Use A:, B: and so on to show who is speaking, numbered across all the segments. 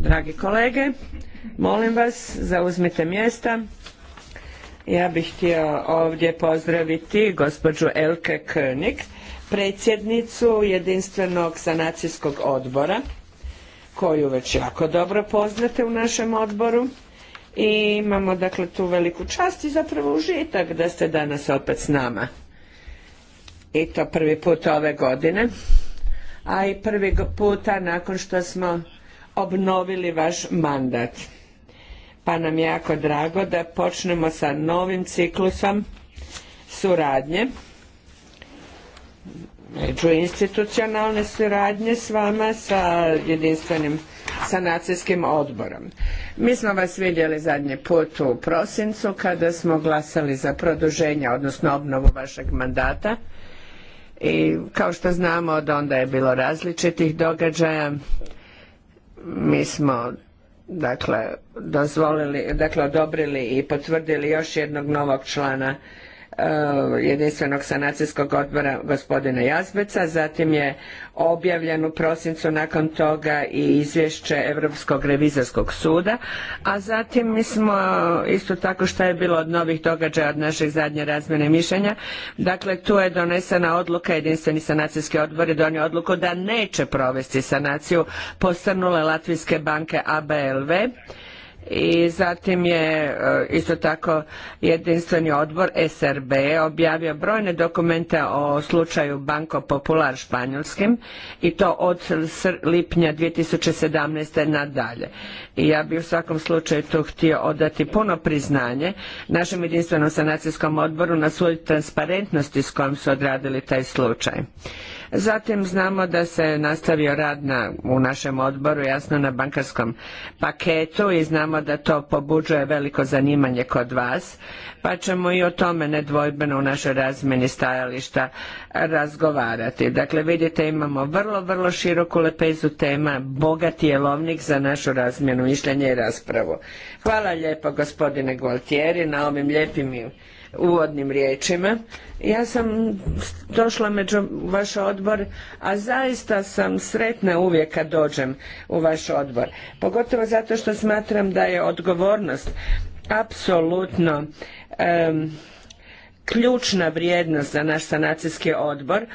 A: Dragi kolege, molim vas, zauzmite mjesta. Ja bih htio ovdje pozdraviti gospođu Elke König, predsjednicu Jedinstvenog sanacijskog odbora, koju već jako dobro poznate u našem odboru. I imamo dakle tu veliku čast i zapravo užitak da ste danas opet s nama. I to prvi put ove godine a i prvi puta nakon što smo obnovili vaš mandat. Pa nam je jako drago da počnemo sa novim ciklusom suradnje, međuinstitucionalne suradnje s vama, sa jedinstvenim sanacijskim odborom. Mi smo vas vidjeli zadnji put u prosincu kada smo glasali za produženje, odnosno obnovu vašeg mandata i kao što znamo, od onda je bilo različitih događaja. Mi smo dakle dozvolili, dakle odobrili i potvrdili još jednog novog člana Eh, jedinstvenog sanacijskog odbora gospodina Jazbeca, zatim je objavljen u prosincu nakon toga i izvješće Europskog revizorskog suda, a zatim mi smo eh, isto tako što je bilo od novih događaja od našeg zadnje razmjene mišljenja, dakle tu je donesena odluka, jedinstveni sanacijski odbor je donio odluku da neće provesti sanaciju posrnule Latvijske banke ABLV, i zatim je e, isto tako jedinstveni odbor SRB objavio brojne dokumente o slučaju Banko Popular španjolskim i to od lipnja 2017. nadalje. I ja bi u svakom slučaju tu htio odati puno priznanje našem jedinstvenom sanacijskom odboru na svoju transparentnosti s kojom su odradili taj slučaj. Zatim znamo da se nastavio rad na, u našem odboru, jasno na bankarskom paketu i znamo da to pobuđuje veliko zanimanje kod vas, pa ćemo i o tome nedvojbeno u našoj razmeni stajališta razgovarati. Dakle, vidite, imamo vrlo, vrlo široku lepezu tema, bogati lovnik za našu razmjenu mišljenja i raspravu. Hvala lijepo gospodine Gualtieri na ovim lijepim uvodnim riječima. Ja sam došla među vaš odbor, a zaista sam sretna uvijek kad dođem u vaš odbor. Pogotovo zato što smatram da je odgovornost apsolutno ključna vrijednost za naš sanacijski odbor,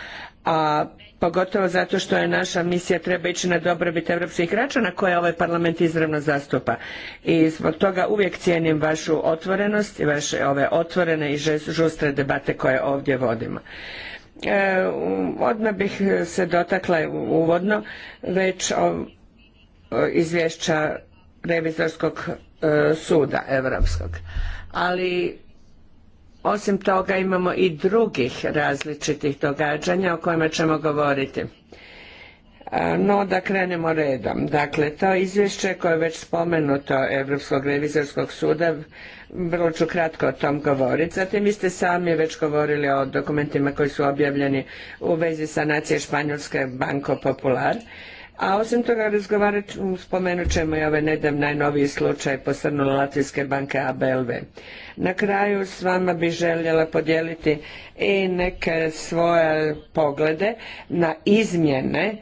A: a pogotovo zato što je naša misija treba ići na dobrobit europskih građana koje ovaj parlament izravno zastupa. I zbog toga uvijek cijenim vašu otvorenost i vaše ove otvorene i žustre debate koje ovdje vodimo. E, odmah bih se dotakla uvodno već o, izvješća revizorskog e, suda europskog. Ali osim toga imamo i drugih različitih događanja o kojima ćemo govoriti. No, da krenemo redom. Dakle, to izvješće koje je već spomenuto Europskog revizorskog suda, vrlo ću kratko o tom govoriti. Zatim vi ste sami već govorili o dokumentima koji su objavljeni u vezi sanacije Španjolske Banko Popular. A osim toga razgovarat ću, spomenut ćemo i ovaj nedavno najnoviji slučaj posrnula Latvijske banke ABLV. Na kraju s vama bih željela podijeliti i neke svoje poglede na izmjene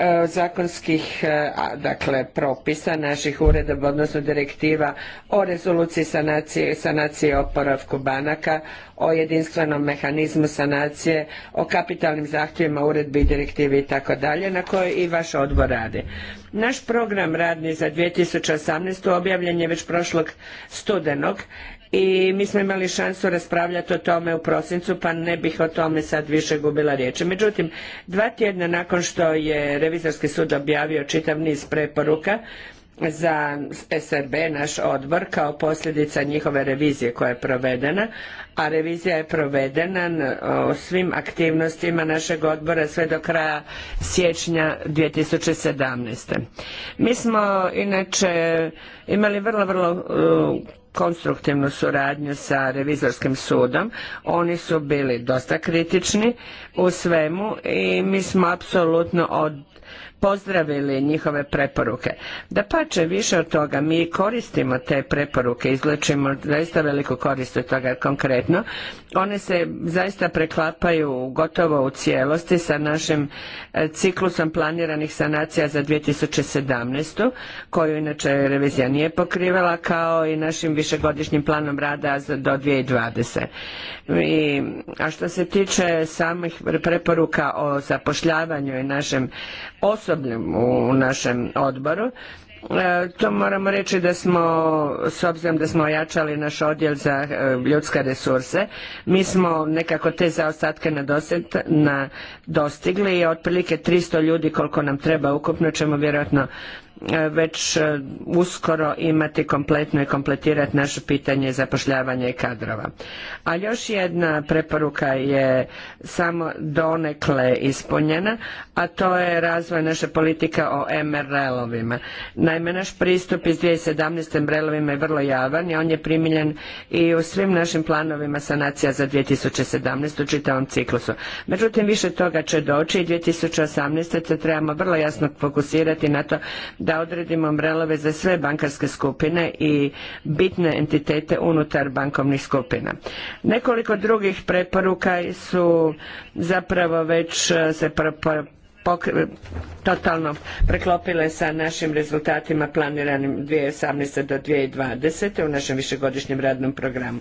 A: E, zakonskih e, dakle propisa naših uredaba odnosno direktiva o rezoluciji sanacije, sanacije oporavku banaka, o jedinstvenom mehanizmu sanacije, o kapitalnim zahtjevima uredbi i direktivi i tako dalje na kojoj i vaš odbor radi. Naš program radni za 2018. objavljen je već prošlog studenog i mi smo imali šansu raspravljati o tome u prosincu pa ne bih o tome sad više gubila riječi. Međutim, dva tjedna nakon što je Revizorski sud objavio čitav niz preporuka za SRB, naš odbor, kao posljedica njihove revizije koja je provedena, a revizija je provedena o svim aktivnostima našeg odbora sve do kraja siječnja 2017. Mi smo inače imali vrlo, vrlo konstruktivnu suradnju sa revizorskim sudom. Oni su bili dosta kritični u svemu i mi smo apsolutno od pozdravili njihove preporuke. Da pače više od toga, mi koristimo te preporuke, izlačimo zaista veliku korist od toga konkretno. One se zaista preklapaju gotovo u cijelosti sa našim e, ciklusom planiranih sanacija za 2017. koju inače revizija nije pokrivala kao i našim višegodišnjim planom rada do 2020. I, a što se tiče samih preporuka o zapošljavanju i našem osobnom u našem odboru. E, to moramo reći da smo, s obzirom da smo ojačali naš odjel za e, ljudske resurse, mi smo nekako te zaostatke na dostigli i otprilike 300 ljudi koliko nam treba ukupno ćemo vjerojatno već e, uskoro imati kompletno i kompletirati naše pitanje zapošljavanja i kadrova. A još jedna preporuka je samo donekle ispunjena, a to je razvoj naše politika o MRL-ovima. Naime, naš pristup iz 2017. MRL-ovima je vrlo javan i on je primiljen i u svim našim planovima sanacija za 2017. u čitavom ciklusu. Međutim, više toga će doći i 2018. se trebamo vrlo jasno fokusirati na to da da odredimo umbrelove za sve bankarske skupine i bitne entitete unutar bankovnih skupina. Nekoliko drugih preporuka su zapravo već eh, se totalno preklopile sa našim rezultatima planiranim 2018. do 2020. u našem višegodišnjem radnom programu.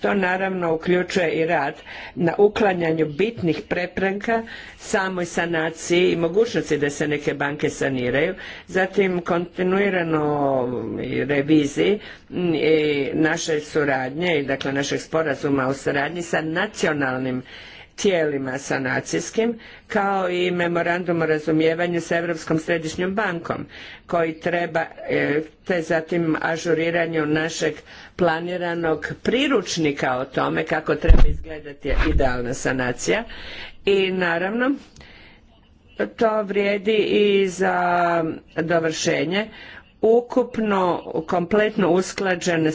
A: To naravno uključuje i rad na uklanjanju bitnih prepreka samoj sanaciji i mogućnosti da se neke banke saniraju, zatim kontinuirano reviziji naše suradnje i dakle našeg sporazuma o suradnji sa nacionalnim tijelima sanacijskim, kao i memorandum o razumijevanju sa Europskom središnjom bankom, koji treba, e, te zatim ažuriranju našeg planiranog priručnika o tome kako treba izgledati idealna sanacija. I naravno, to vrijedi i za dovršenje ukupno kompletno usklađen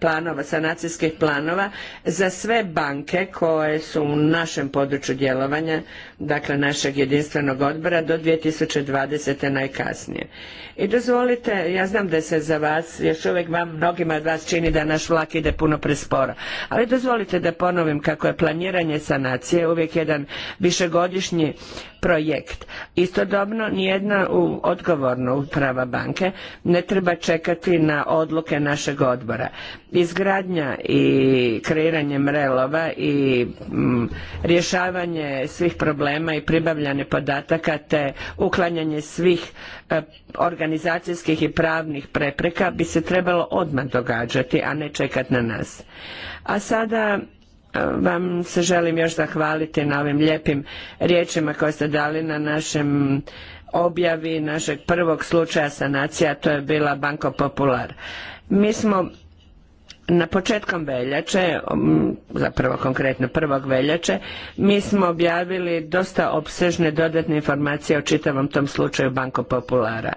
A: planova, sanacijskih planova za sve banke koje su u našem području djelovanja, dakle našeg jedinstvenog odbora do 2020. najkasnije. I dozvolite, ja znam da se za vas, još uvijek vam, mnogima od vas čini da naš vlak ide puno presporo, ali dozvolite da ponovim kako je planiranje sanacije uvijek jedan višegodišnji projekt. Istodobno, nijedna odgovorna uprava banke ne treba čekati na odluke našeg odbora. Izgradnja i kreiranje mrelova i mm, rješavanje svih problema i pribavljanje podataka te uklanjanje svih e, organizacijskih i pravnih prepreka bi se trebalo odmah događati, a ne čekati na nas. A sada e, vam se želim još zahvaliti na ovim lijepim riječima koje ste dali na našem objavi našeg prvog slučaja sanacija, to je bila Banko Popular. Mi smo na početkom veljače, um, zapravo konkretno prvog veljače, mi smo objavili dosta obsežne dodatne informacije o čitavom tom slučaju Banko Populara.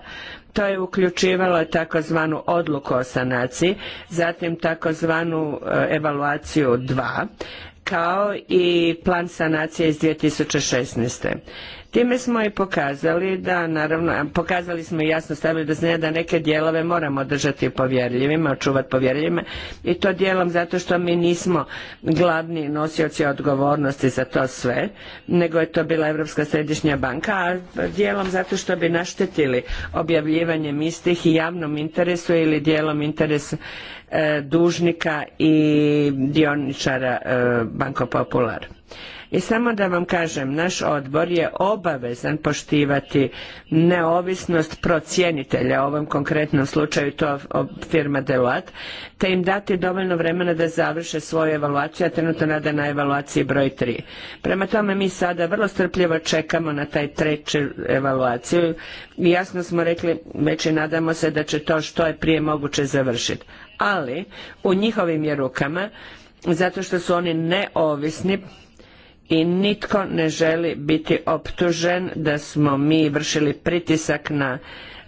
A: To je uključivalo takozvanu odluku o sanaciji, zatim takozvanu e, evaluaciju 2, kao i plan sanacije iz 2016. Time smo i pokazali da, naravno, pokazali smo i jasno stavili da znanja da neke dijelove moramo držati povjerljivima, očuvati povjerljivima i to dijelom zato što mi nismo glavni nosioci odgovornosti za to sve, nego je to bila Europska središnja banka, a dijelom zato što bi naštetili objavljivanjem istih i javnom interesu ili dijelom interesu e, dužnika i dioničara e, Banko Popular. I samo da vam kažem, naš odbor je obavezan poštivati neovisnost procjenitelja, u ovom konkretnom slučaju to firma Deloitte, te im dati dovoljno vremena da završe svoju evaluaciju, a trenutno nada na evaluaciji broj 3. Prema tome mi sada vrlo strpljivo čekamo na taj treći evaluaciju i jasno smo rekli, već i nadamo se da će to što je prije moguće završiti. Ali, u njihovim je rukama, zato što su oni neovisni i nitko ne želi biti optužen da smo mi vršili pritisak na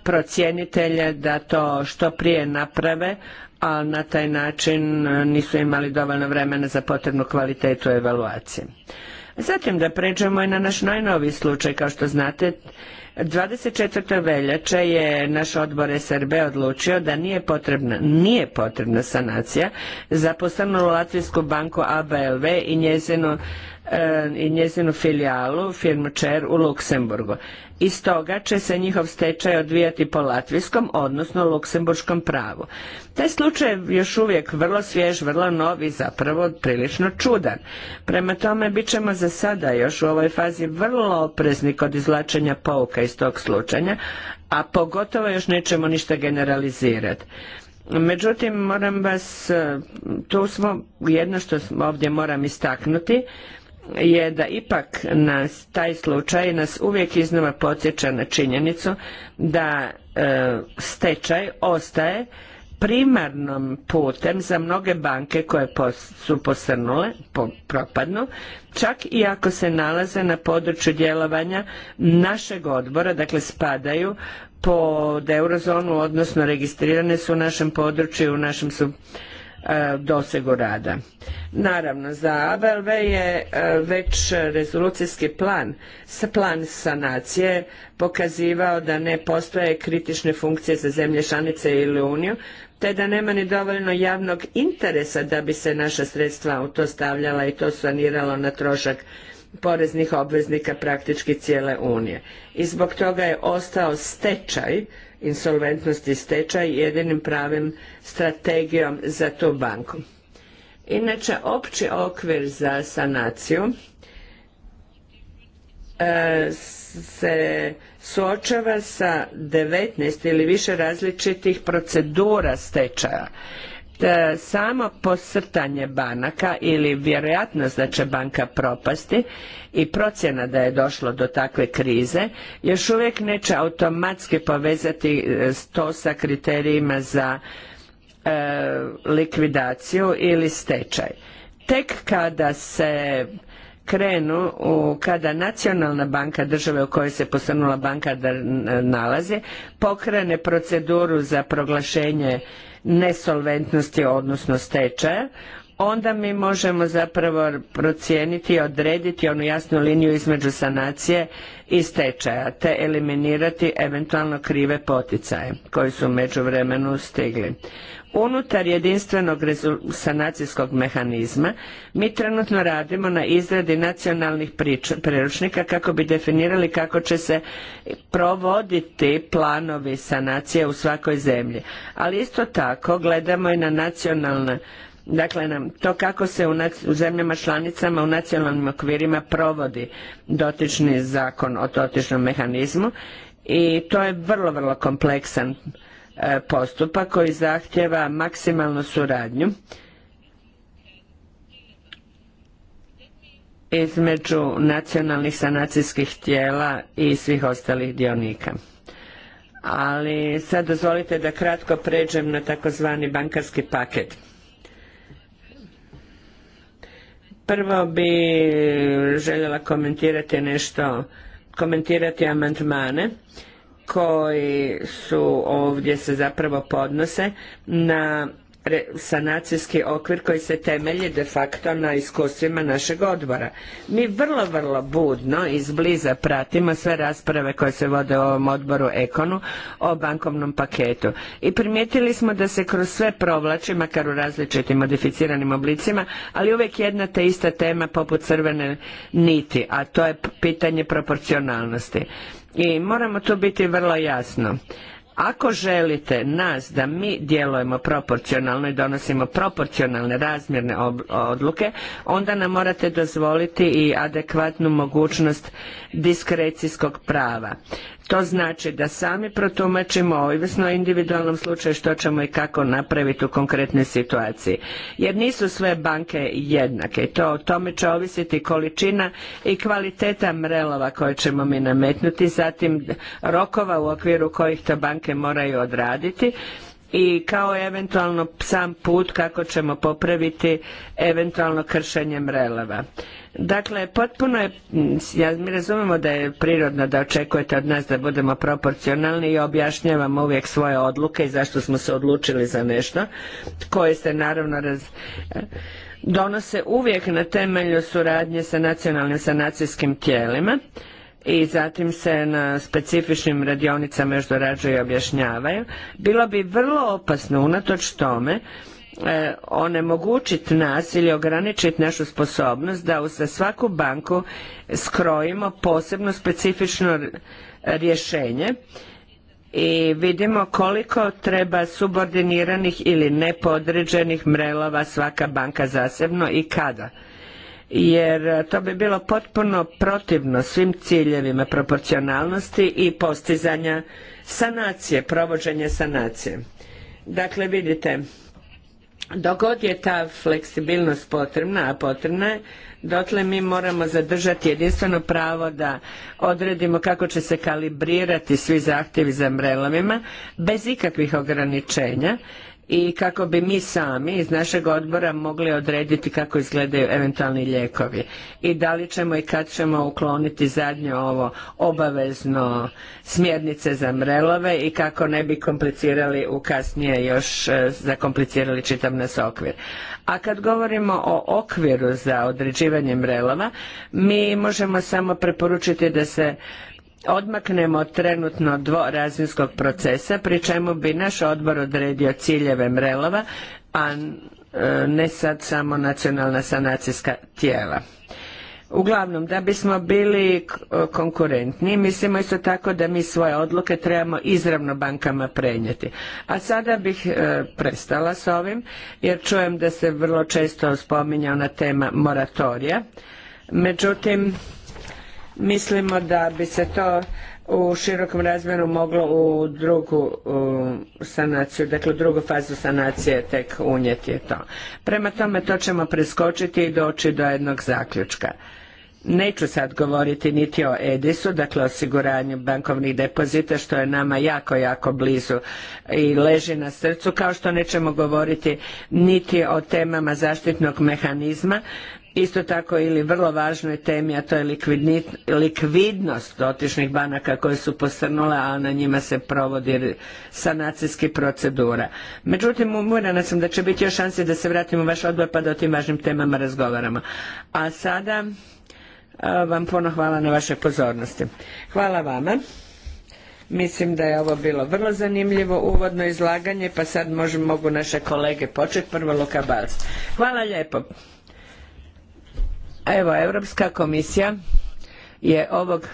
A: procjenitelje da to što prije naprave, a na taj način nisu imali dovoljno vremena za potrebnu kvalitetu evaluacije. Zatim da pređemo i na naš najnoviji slučaj, kao što znate, 24. veljače je naš odbor SRB odlučio da nije potrebna, nije potrebna sanacija za postavnu Latvijsku banku ABLV i njezinu i njezinu filijalu, firmu Čer u Luksemburgu. I stoga će se njihov stečaj odvijati po latvijskom, odnosno luksemburškom pravu. Taj slučaj je još uvijek vrlo svjež, vrlo novi zapravo prilično čudan. Prema tome, bit ćemo za sada još u ovoj fazi vrlo oprezni kod izlačenja pouka iz tog slučaja, a pogotovo još nećemo ništa generalizirati. Međutim, moram vas, eh, tu smo, jedno što ovdje moram istaknuti, je da ipak nas taj slučaj nas uvijek iznova podsjeća na činjenicu da e, stečaj ostaje primarnom putem za mnoge banke koje su posrnule, propadnu, čak i ako se nalaze na području djelovanja našeg odbora, dakle spadaju pod eurozonu, odnosno registrirane su u našem području, u našem su E, dosegu rada. Naravno, za ABLV je e, već rezolucijski plan, plan sanacije pokazivao da ne postoje kritične funkcije za zemlje članice ili Uniju, te da nema ni dovoljno javnog interesa da bi se naša sredstva u to stavljala i to saniralo na trošak poreznih obveznika praktički cijele Unije. I zbog toga je ostao stečaj insolventnost i stečaj jedinim pravim strategijom za tu banku. Inače, opći okvir za sanaciju e, se suočava sa 19 ili više različitih procedura stečaja E, samo posrtanje banaka ili vjerojatnost da će banka propasti i procjena da je došlo do takve krize još uvijek neće automatski povezati e, to sa kriterijima za e, likvidaciju ili stečaj. Tek kada se krenu u, kada nacionalna banka države u kojoj se posrnula banka nalazi pokrene proceduru za proglašenje nesolventnosti, odnosno stečaja, onda mi možemo zapravo procijeniti i odrediti onu jasnu liniju između sanacije i stečaja, te eliminirati eventualno krive poticaje koji su u međuvremenu stigli. Unutar jedinstvenog sanacijskog mehanizma mi trenutno radimo na izradi nacionalnih priručnika kako bi definirali kako će se provoditi planovi sanacije u svakoj zemlji. Ali isto tako gledamo i na nacionalne Dakle, nam to kako se u, zemljama članicama u nacionalnim okvirima provodi dotični zakon o dotičnom mehanizmu i to je vrlo, vrlo kompleksan e, postupak koji zahtjeva maksimalnu suradnju između nacionalnih sanacijskih tijela i svih ostalih dionika. Ali sad dozvolite da kratko pređem na takozvani bankarski paket Prvo bi željela komentirati nešto, komentirati amandmane koji su ovdje se zapravo podnose na sanacijski okvir koji se temelji de facto na iskustvima našeg odbora. Mi vrlo, vrlo budno izbliza pratimo sve rasprave koje se vode u ovom odboru Ekonu o bankovnom paketu. I primijetili smo da se kroz sve provlači, makar u različitim modificiranim oblicima, ali uvijek jedna te ista tema poput crvene niti, a to je pitanje proporcionalnosti. I moramo tu biti vrlo jasno. Ako želite nas da mi djelujemo proporcionalno i donosimo proporcionalne razmjerne odluke, onda nam morate dozvoliti i adekvatnu mogućnost diskrecijskog prava. To znači da sami protumačimo ovisno o individualnom slučaju što ćemo i kako napraviti u konkretnoj situaciji. Jer nisu sve banke jednake. To o tome će ovisiti količina i kvaliteta mrelova koje ćemo mi nametnuti, zatim rokova u okviru kojih to banke neke moraju odraditi i kao eventualno sam put kako ćemo popraviti eventualno kršenje releva. Dakle, potpuno je, mi razumemo da je prirodno da očekujete od nas da budemo proporcionalni i objašnjavamo uvijek svoje odluke i zašto smo se odlučili za nešto, koje se naravno donose uvijek na temelju suradnje sa nacionalnim sanacijskim tijelima i zatim se na specifičnim radionicama još dorađuju i objašnjavaju, bilo bi vrlo opasno unatoč tome e, onemogućiti nas ili ograničiti našu sposobnost da za svaku banku skrojimo posebno specifično rješenje i vidimo koliko treba subordiniranih ili nepodređenih mrelova svaka banka zasebno i kada jer e, to bi bilo potpuno protivno svim ciljevima proporcionalnosti i postizanja sanacije, provođenja sanacije. Dakle, vidite, dogod je ta fleksibilnost potrebna, a potrebna je, dotle mi moramo zadržati jedinstveno pravo da odredimo kako će se kalibrirati svi zahtjevi za mrelovima bez ikakvih ograničenja i kako bi mi sami iz našeg odbora mogli odrediti kako izgledaju eventualni lijekovi i da li ćemo i kad ćemo ukloniti zadnje ovo obavezno smjernice za mrelove i kako ne bi komplicirali u kasnije još e, zakomplicirali čitav nas okvir. A kad govorimo o okviru za određivanje mrelova, mi možemo samo preporučiti da se odmaknemo od trenutno dvorazinskog procesa, pri čemu bi naš odbor odredio ciljeve mrelova, a e, ne sad samo nacionalna sanacijska tijela. Uglavnom, da bismo bili e, konkurentni, mislimo isto tako da mi svoje odluke trebamo izravno bankama prenijeti. A sada bih e, prestala s ovim, jer čujem da se vrlo često spominja ona tema moratorija. Međutim, Mislimo da bi se to u širokom razmjeru moglo u drugu sanaciju, dakle drugu fazu sanacije tek unijeti to. Prema tome to ćemo preskočiti i doći do jednog zaključka. Neću sad govoriti niti o Edisu, dakle osiguranju bankovnih depozita što je nama jako, jako blizu i leži na srcu, kao što nećemo govoriti niti o temama zaštitnog mehanizma isto tako ili vrlo važnoj temi, a to je likvidnost dotičnih banaka koje su posrnule, a na njima se provodi sanacijski procedura. Međutim, umorana sam da će biti još šanse da se vratimo u vaš odbor pa da o tim važnim temama razgovaramo. A sada e, vam puno hvala na vašoj pozornosti. Hvala vama. Mislim da je ovo bilo vrlo zanimljivo uvodno izlaganje, pa sad možemo, mogu naše kolege početi. Prvo Luka Balc. Hvala lijepo. Evo, Europska komisija je ovog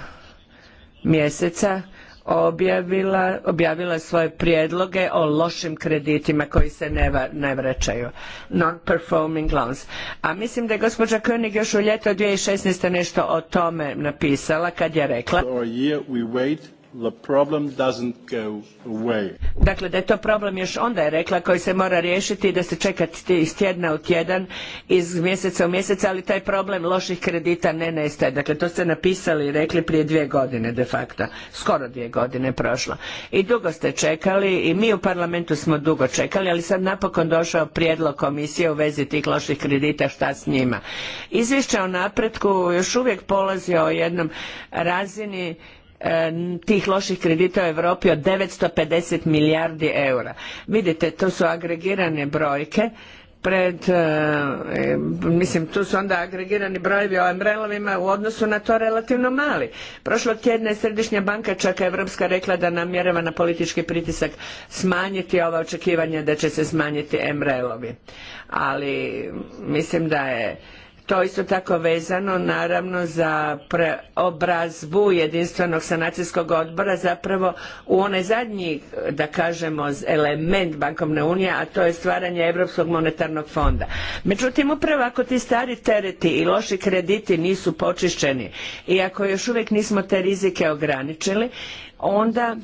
A: mjeseca objavila, objavila svoje prijedloge o lošim kreditima koji se ne, ne vraćaju. Non-performing loans. A mislim da je gospođa König još u ljeto 2016. nešto o tome napisala kad je rekla... The problem Dakle, da je to problem još onda je rekla koji se mora riješiti i da se čeka iz tjedna u tjedan, iz mjeseca u mjesec, ali taj problem loših kredita ne nestaje. Dakle, to ste napisali i rekli prije dvije godine de facto. Skoro dvije godine je prošlo. I dugo ste čekali i mi u parlamentu smo dugo čekali, ali sad napokon došao prijedlog komisije u vezi tih loših kredita, šta s njima. Izvješće o napretku još uvijek polazi o jednom razini E, tih loših kredita u Europi od 950 milijardi eura. Vidite, to su agregirane brojke pred, e, e, mislim tu su onda agregirani brojevi o mrl u odnosu na to relativno mali. Prošlog tjedna je Središnja banka čaka Evropska rekla da namjerava na politički pritisak smanjiti ova očekivanja da će se smanjiti mrl Ali mislim da je to isto tako vezano naravno za obrazbu jedinstvenog sanacijskog odbora zapravo u onaj zadnji da kažemo element bankovne unije, a to je stvaranje Europskog monetarnog fonda. Međutim, upravo ako ti stari tereti i loši krediti nisu počišćeni i ako još uvijek nismo te rizike ograničili, onda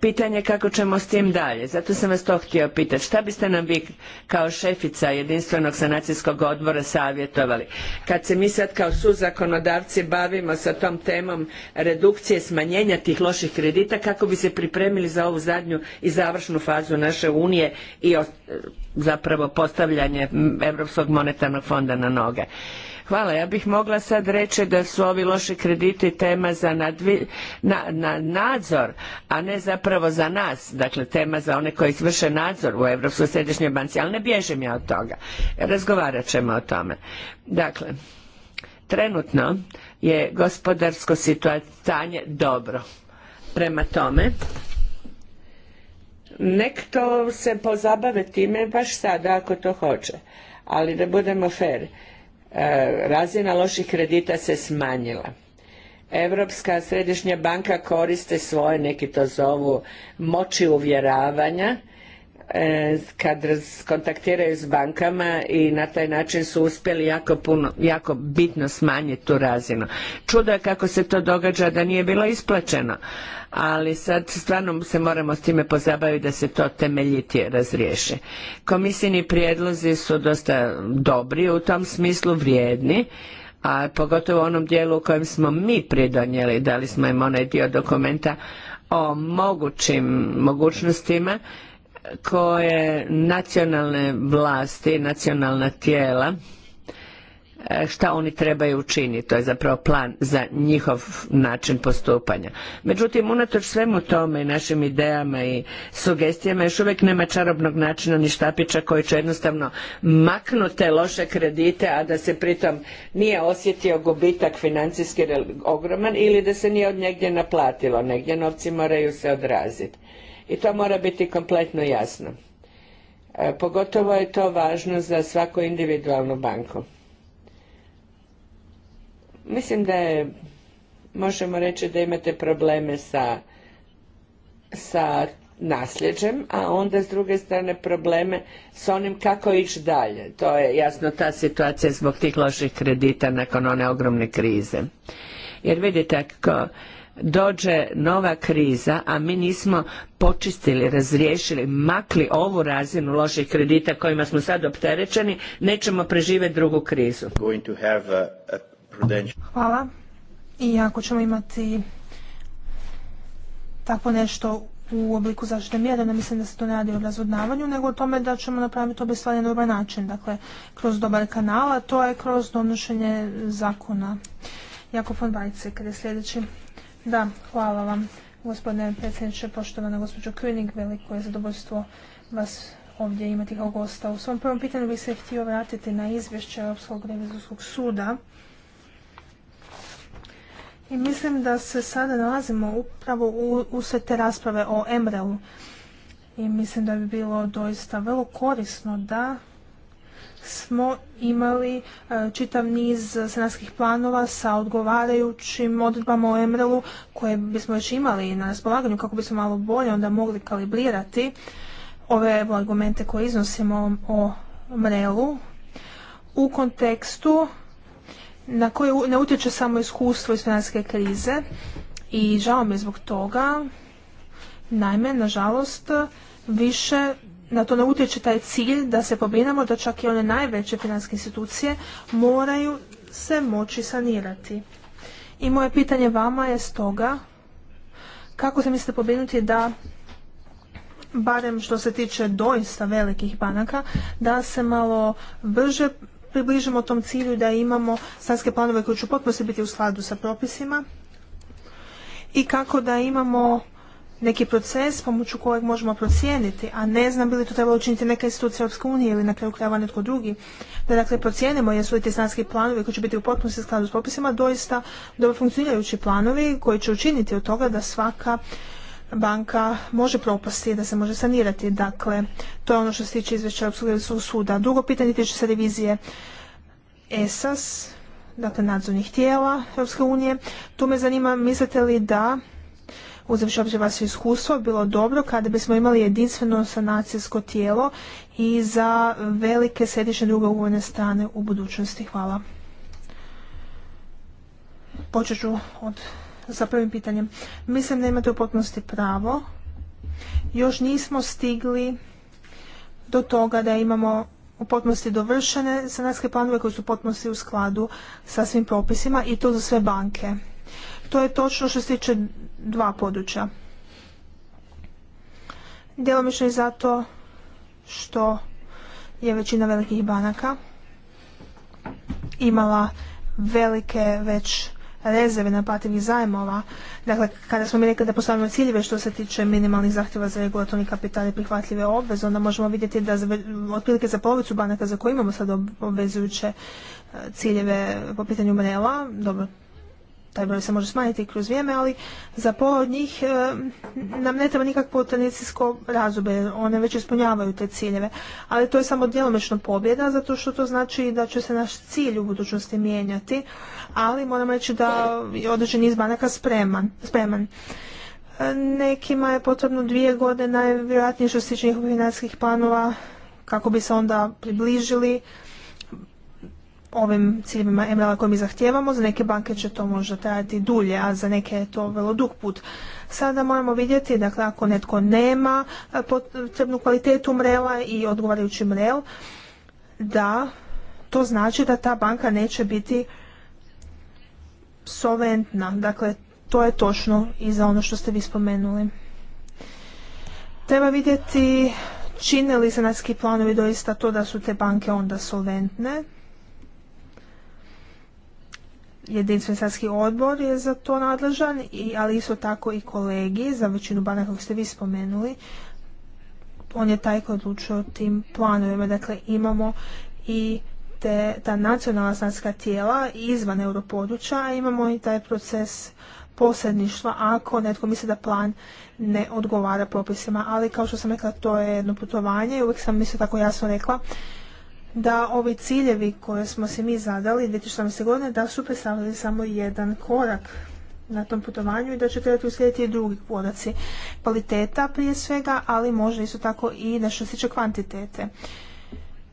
A: pitanje kako ćemo s tim dalje. Zato sam vas to htio pitati. Šta biste nam vi kao šefica jedinstvenog sanacijskog odbora savjetovali? Kad se mi sad kao suzakonodavci bavimo sa tom temom redukcije smanjenja tih loših kredita, kako bi se pripremili za ovu zadnju i završnu fazu naše unije i e, zapravo postavljanje Europskog monetarnog fonda na noge. Hvala. Ja bih mogla sad reći da su ovi loši krediti tema za na, nadzor, a ne zapravo za nas. Dakle, tema za one koji izvrše nadzor u Europskoj središnjoj banci, ali ne bježim ja od toga. Razgovarat ćemo o tome. Dakle, trenutno je gospodarsko situacije dobro. Prema tome, nek se pozabave time baš sada ako to hoće. Ali da budemo fair, E, razina loših kredita se smanjila. Europska središnja banka koriste svoje, neki to zovu, moći uvjeravanja E, kad kontaktiraju s bankama i na taj način su uspjeli jako, puno, jako bitno smanjiti tu razinu. Čudo je kako se to događa da nije bilo isplaćeno, ali sad stvarno se moramo s time pozabaviti da se to temeljitije razriješi. Komisijni prijedlozi su dosta dobri, u tom smislu vrijedni, a pogotovo u onom dijelu u kojem smo mi pridonijeli, dali smo im onaj dio dokumenta o mogućim mogućnostima koje nacionalne vlasti, nacionalna tijela, e, šta oni trebaju učiniti. To je zapravo plan za njihov način postupanja. Međutim, unatoč svemu tome i našim idejama i sugestijama još uvijek nema čarobnog načina ni štapića koji će jednostavno te loše kredite, a da se pritom nije osjetio gubitak financijski ogroman ili da se nije od negdje naplatilo. Negdje novci moraju se odraziti i to mora biti kompletno jasno. E, pogotovo je to važno za svaku individualnu banku. Mislim da možemo reći da imate probleme sa, sa nasljeđem, a onda s druge strane probleme s onim kako ići dalje. To je jasno ta situacija zbog tih loših kredita nakon one ogromne krize. Jer vidite, ako dođe nova kriza, a mi nismo počistili, razriješili, makli ovu razinu loših kredita kojima smo sad opterećeni, nećemo preživjeti drugu krizu.
B: Hvala. I ako ćemo imati tako nešto u obliku zaštite mjere, ne mislim da se to ne radi o razvodnavanju, nego o tome da ćemo napraviti obje na dobar način, dakle kroz dobar kanal, a to je kroz donošenje zakona. Jako von kada je sljedeći. Da, hvala vam gospodine predsjedniče, poštovana gospođo König, veliko je zadovoljstvo vas ovdje imati kao gosta. U svom prvom pitanju bih se htio vratiti na izvješće Europskog revizorskog suda. I mislim da se sada nalazimo upravo u, sve te rasprave o MRL-u I mislim da bi bilo doista vrlo korisno da smo imali e, čitav niz senatskih planova sa odgovarajućim odredbama o Emrelu koje bismo još imali na raspolaganju kako bismo malo bolje onda mogli kalibrirati ove argumente koje iznosimo o Mrelu u kontekstu na koje ne utječe samo iskustvo iz financijske krize i žao mi je zbog toga. Naime, nažalost, više na to ne utječe taj cilj da se pobrinemo da čak i one najveće financijske institucije moraju se moći sanirati. I moje pitanje vama je stoga kako se mislite pobrinuti da barem što se tiče doista velikih banaka, da se malo brže približimo tom cilju da imamo stanske planove koji će potpuno biti u skladu sa propisima i kako da imamo neki proces pomoću kojeg možemo procijeniti, a ne znam bi li to trebalo učiniti neka institucija Europske unije ili na kraju krajeva netko drugi, da dakle procijenimo jesu li ti stanski planovi koji će biti u potpunosti skladu s propisima doista dobro funkcionirajući planovi koji će učiniti od toga da svaka banka može propasti, da se može sanirati. Dakle, to je ono što se tiče izvješća Europskog suda. Drugo pitanje tiče se revizije ESAS, dakle nadzornih tijela Europske unije. Tu me zanima, mislite li da uzevši obzir vaše iskustvo, bilo dobro kada bismo imali jedinstveno sanacijsko tijelo i za velike središnje druge ugovorne strane u budućnosti. Hvala. Počet ću sa prvim pitanjem. Mislim da imate u potpunosti pravo. Još nismo stigli do toga da imamo u potpunosti dovršene sanacijske planove koji su u potpunosti u skladu sa svim propisima i to za sve banke. To je točno što se tiče dva područja. Djelomično je zato što je većina velikih banaka imala velike već rezerve naplativih zajmova. Dakle, kada smo mi rekli da postavljamo ciljeve što se tiče minimalnih zahtjeva za regulatorni kapital i prihvatljive obveze, onda možemo vidjeti da otprilike za polovicu banaka za koje imamo sad obvezujuće e, ciljeve po pitanju mrel dobro, taj se može smanjiti kroz vrijeme, ali za pola od njih e, nam ne treba nikakvo tradicijsko razdoblje, one već ispunjavaju te ciljeve. Ali to je samo djelomično pobjeda, zato što to znači da će se naš cilj u budućnosti mijenjati, ali moramo reći da je određen iz banaka spreman. spreman. E, nekima je potrebno dvije godine najvjerojatnije što se tiče njihovih financijskih planova kako bi se onda približili ovim ciljevima MRL-a koje mi zahtijevamo. Za neke banke će to možda trajati dulje, a za neke je to vrlo dug put. Sada moramo vidjeti, dakle, ako netko nema potrebnu kvalitetu MRL-a e i odgovarajući mrel, da to znači da ta banka neće biti solventna. Dakle, to je točno i za ono što ste vi spomenuli. Treba vidjeti čine li zanatski planovi doista to da su te banke onda solventne jedinstveni sadski odbor je za to nadležan, i, ali isto tako i kolegi za većinu banaka kako ste vi spomenuli. On je taj koji odlučuje o tim planovima. Dakle, imamo i te, ta nacionalna sanska tijela izvan europodručja, a imamo i taj proces posredništva ako netko misli da plan ne odgovara propisima. Ali kao što sam rekla, to je jedno putovanje i uvijek sam isto tako jasno rekla da ovi ciljevi koje smo se mi zadali 2018. godine da su predstavljali samo jedan korak na tom putovanju i da će trebati uslijediti i drugi podaci. kvaliteta prije svega, ali možda isto tako i da što se tiče kvantitete.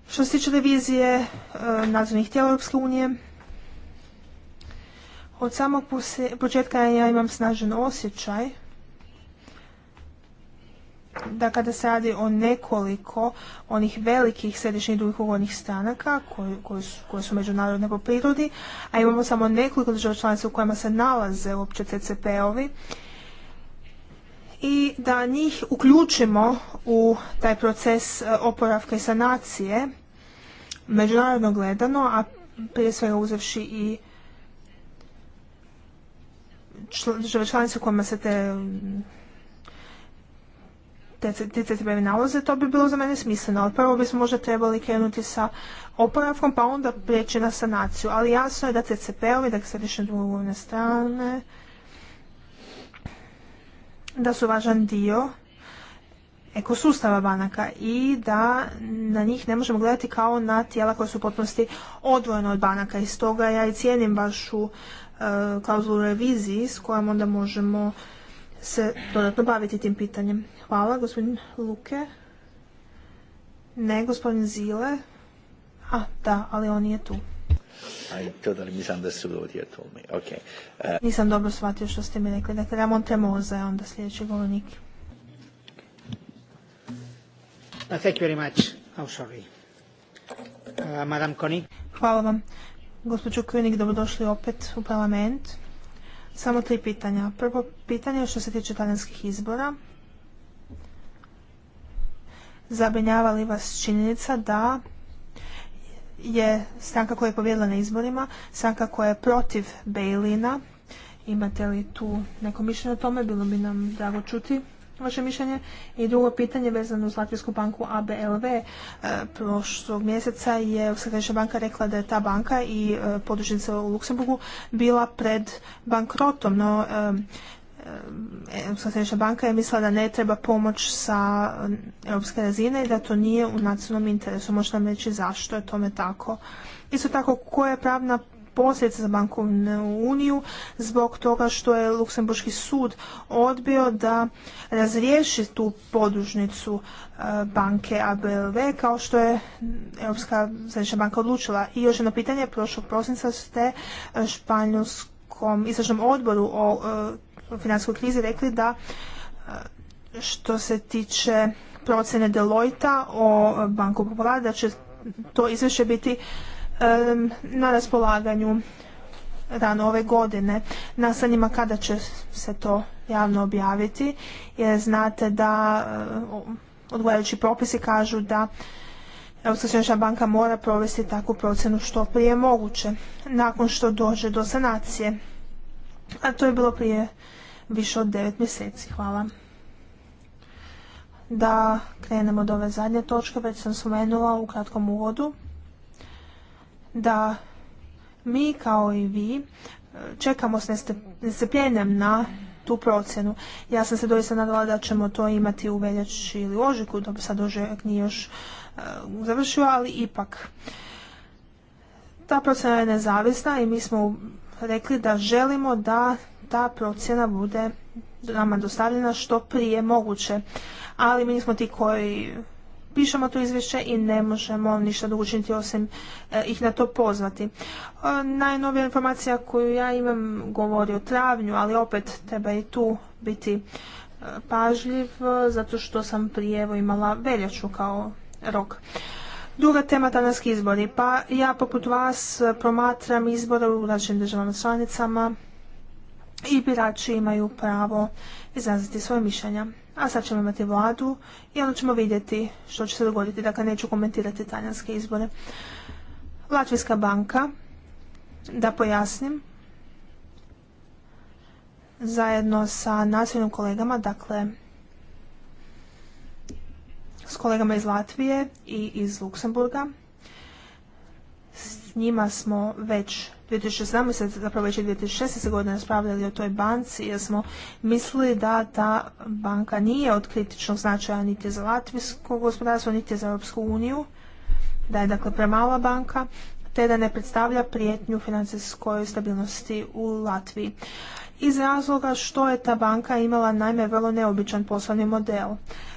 B: Što se tiče revizije e, nadzornih tijela Europske unije, od samog početka ja imam snažen osjećaj da kada se radi o nekoliko onih velikih središnjih drugih ugovornih stranaka koje, su, su međunarodne po prirodi, a imamo samo nekoliko država članica u kojima se nalaze uopće CCP-ovi i da njih uključimo u taj proces e, oporavka i sanacije međunarodno gledano, a prije svega uzevši i države članice u kojima se te te CCP nalaze, to bi bilo za mene smisleno, ali prvo bismo možda trebali krenuti sa oporavkom pa onda prijeći na sanaciju. Ali jasno je da CCP-ovi, se više drugovne strane, da su važan dio ekosustava banaka i da na njih ne možemo gledati kao na tijela koja su u potpunosti odvojena od banaka. I stoga ja i cijenim vašu e, klauzulu reviziji s kojom onda možemo se dodatno baviti tim pitanjem. Hvala, gospodin Luke. Ne, gospodin Zile. A, da, ali on nije tu. I totally
A: misunderstood what you told
B: Nisam dobro shvatio što ste mi rekli. Dakle, Ramon Tremoza je onda sljedeći govornik. No, uh, thank you very much. Oh, sorry. Uh, Koenig. Hvala vam. Gospođo Koenig, dobrodošli opet u parlament. Samo tri pitanja. Prvo pitanje što se tiče talijanskih izbora. Zabrinjava li vas činjenica da je stranka koja je povijedla na izborima, stranka koja je protiv Bejlina. Imate li tu neko mišljenje o tome? Bilo bi nam drago čuti vaše mišljenje? I drugo pitanje vezano uz Latvijsku banku ABLV. E, prošlog mjeseca je Središnja banka rekla da je ta banka i e, podružnica u Luksemburgu bila pred bankrotom, no e, Europska banka je mislila da ne treba pomoć sa europske razine i da to nije u nacionalnom interesu. Možete nam reći zašto je tome tako? Isto tako, koja je pravna posljedice za bankovnu uniju zbog toga što je Luksemburški sud odbio da razriješi tu podružnicu e, banke ABLV kao što je Europska središnja banka odlučila. I još jedno pitanje, prošlog prosinca ste e, Španjolskom istražnom odboru o e, financijskoj krizi rekli da što se tiče procjene Deloita o Banku Popular, da će to izvješće biti na raspolaganju rano ove godine. Na kada će se to javno objaviti, jer znate da odgovarajući propisi kažu da Europska središnja banka mora provesti takvu procjenu što prije moguće, nakon što dođe do sanacije. A to je bilo prije više od devet mjeseci. Hvala. Da krenemo od ove zadnje točke, već sam spomenula u kratkom uvodu da mi kao i vi e, čekamo s nestrpljenjem na tu procjenu. Ja sam se doista nadala da ćemo to imati u veljači ili ožiku, bi sad ožujak nije još e, završio, ali ipak. Ta procjena je nezavisna i mi smo rekli da želimo da ta procjena bude nama dostavljena što prije moguće. Ali mi nismo ti koji pišemo to izvješće i ne možemo ništa drugo učiniti osim e, ih na to pozvati. E, najnovija informacija koju ja imam govori o travnju, ali opet treba i tu biti e, pažljiv, zato što sam prije imala veljaču kao rok. Druga tema danas izbori. Pa ja poput vas promatram izbore u različitim državama članicama i birači imaju pravo izraziti svoje mišljenja. A sad ćemo imati vladu i onda ćemo vidjeti što će se dogoditi. Dakle, neću komentirati talijanske izbore. Latvijska banka, da pojasnim, zajedno sa nasilnim kolegama, dakle, s kolegama iz Latvije i iz Luksemburga, s njima smo već 2017, zapravo već i 2016. godine raspravljali o toj banci jer smo mislili da ta banka nije od kritičnog značaja niti za latvijsko gospodarstvo, niti za Europsku uniju, da je dakle premala banka, te da ne predstavlja prijetnju financijskoj stabilnosti u Latviji. Iz razloga što je ta banka imala najme vrlo neobičan poslovni model.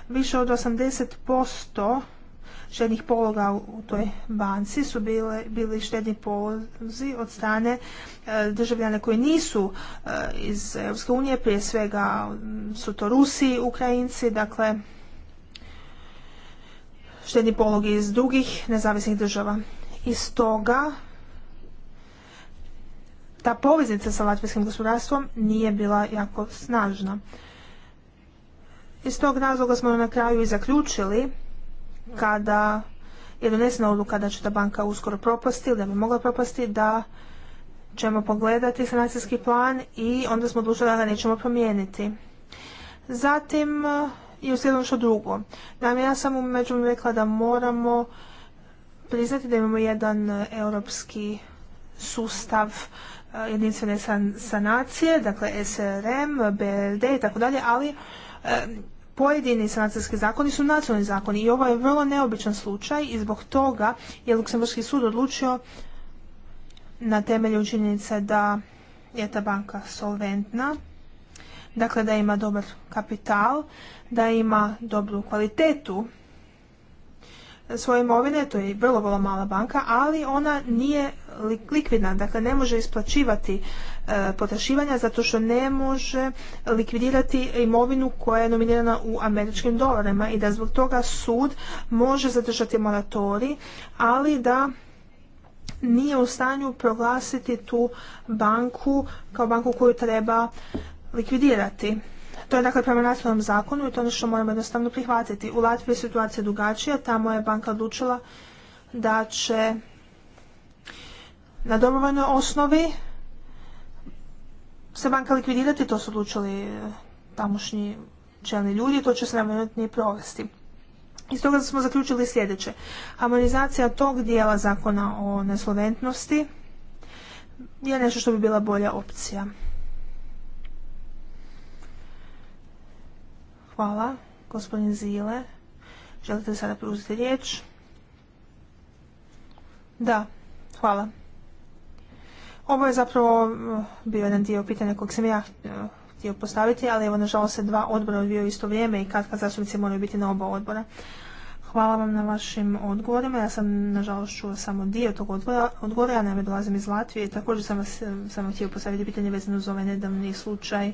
B: Više od 80% štednih pologa u toj banci su bili štedni polozi od strane e, državljana koji nisu e, iz Europske unije, prije svega su to Rusi, Ukrajinci, dakle štedni polog iz drugih nezavisnih država. I stoga ta poveznica sa latvijskim gospodarstvom nije bila jako snažna. Iz tog razloga smo na kraju i zaključili kada je donesena odluka da će ta banka uskoro propasti ili da bi mogla propasti, da ćemo pogledati sanacijski plan i onda smo odlučili da ga nećemo promijeniti. Zatim u eh, uslijedilo što drugo. ja sam umeđu rekla da moramo priznati da imamo jedan eh, europski sustav eh, jedinstvene sanacije, dakle SRM, BLD i tako dalje, ali pojedini sanacijski zakoni su nacionalni zakoni i ovo je vrlo neobičan slučaj i zbog toga je Luksemburski sud odlučio na temelju činjenice da je ta banka solventna, dakle da ima dobar kapital, da ima dobru kvalitetu svoje imovine, to je vrlo, vrlo mala banka, ali ona nije likvidna, dakle ne može isplaćivati E, potraživanja zato što ne može likvidirati imovinu koja je nominirana u američkim dolarima i da zbog toga sud može zadržati moratorij, ali da nije u stanju proglasiti tu banku kao banku koju treba likvidirati. To je dakle prema nacionalnom zakonu i to je ono što moramo jednostavno prihvatiti. U Latviji je situacija drugačija, tamo je banka odlučila da će na dobrovoljnoj osnovi se banka likvidirati, to su odlučili e, tamošnji čelni ljudi, to će se i provesti. Iz toga smo zaključili sljedeće. Harmonizacija tog dijela zakona o nesloventnosti je nešto što bi bila bolja opcija. Hvala, gospodin Zile. Želite li sada preuzeti riječ? Da, hvala. Ovo je zapravo uh, bio jedan dio pitanja kojeg sam ja uh, htio postaviti, ali evo nažalost se dva odbora odvijaju isto vrijeme i kad kad zastupnici moraju biti na oba odbora. Hvala vam na vašim odgovorima. Ja sam nažalost čula samo dio tog odgovora, ja naime dolazim iz Latvije također sam vas eh, samo htio postaviti pitanje vezano uz ovaj nedavni slučaj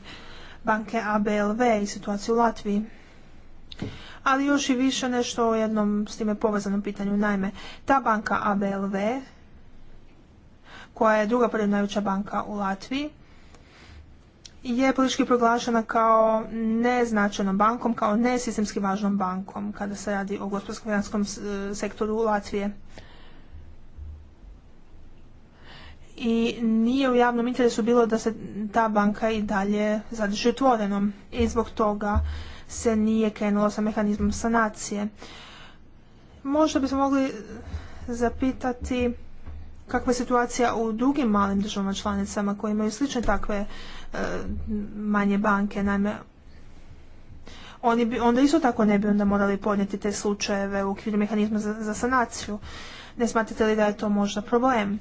B: banke ABLV i situaciju u Latviji. Ali još i više nešto o jednom s time povezanom pitanju. Naime, ta banka ABLV koja je druga najveća banka u Latviji, je politički proglašena kao neznačajnom bankom, kao nesistemski važnom bankom kada se radi o gospodarskom finanskom e, sektoru Latvije. I nije u javnom interesu bilo da se ta banka i dalje zadrži otvorenom i zbog toga se nije krenulo sa mehanizmom sanacije. Možda bismo mogli zapitati kakva je situacija u drugim malim državama članicama koje imaju slične takve e, manje banke. Naime, onda isto tako ne bi onda morali podnijeti te slučajeve u okviru mehanizma za, sanaciju. Ne smatrate li da je to možda problem?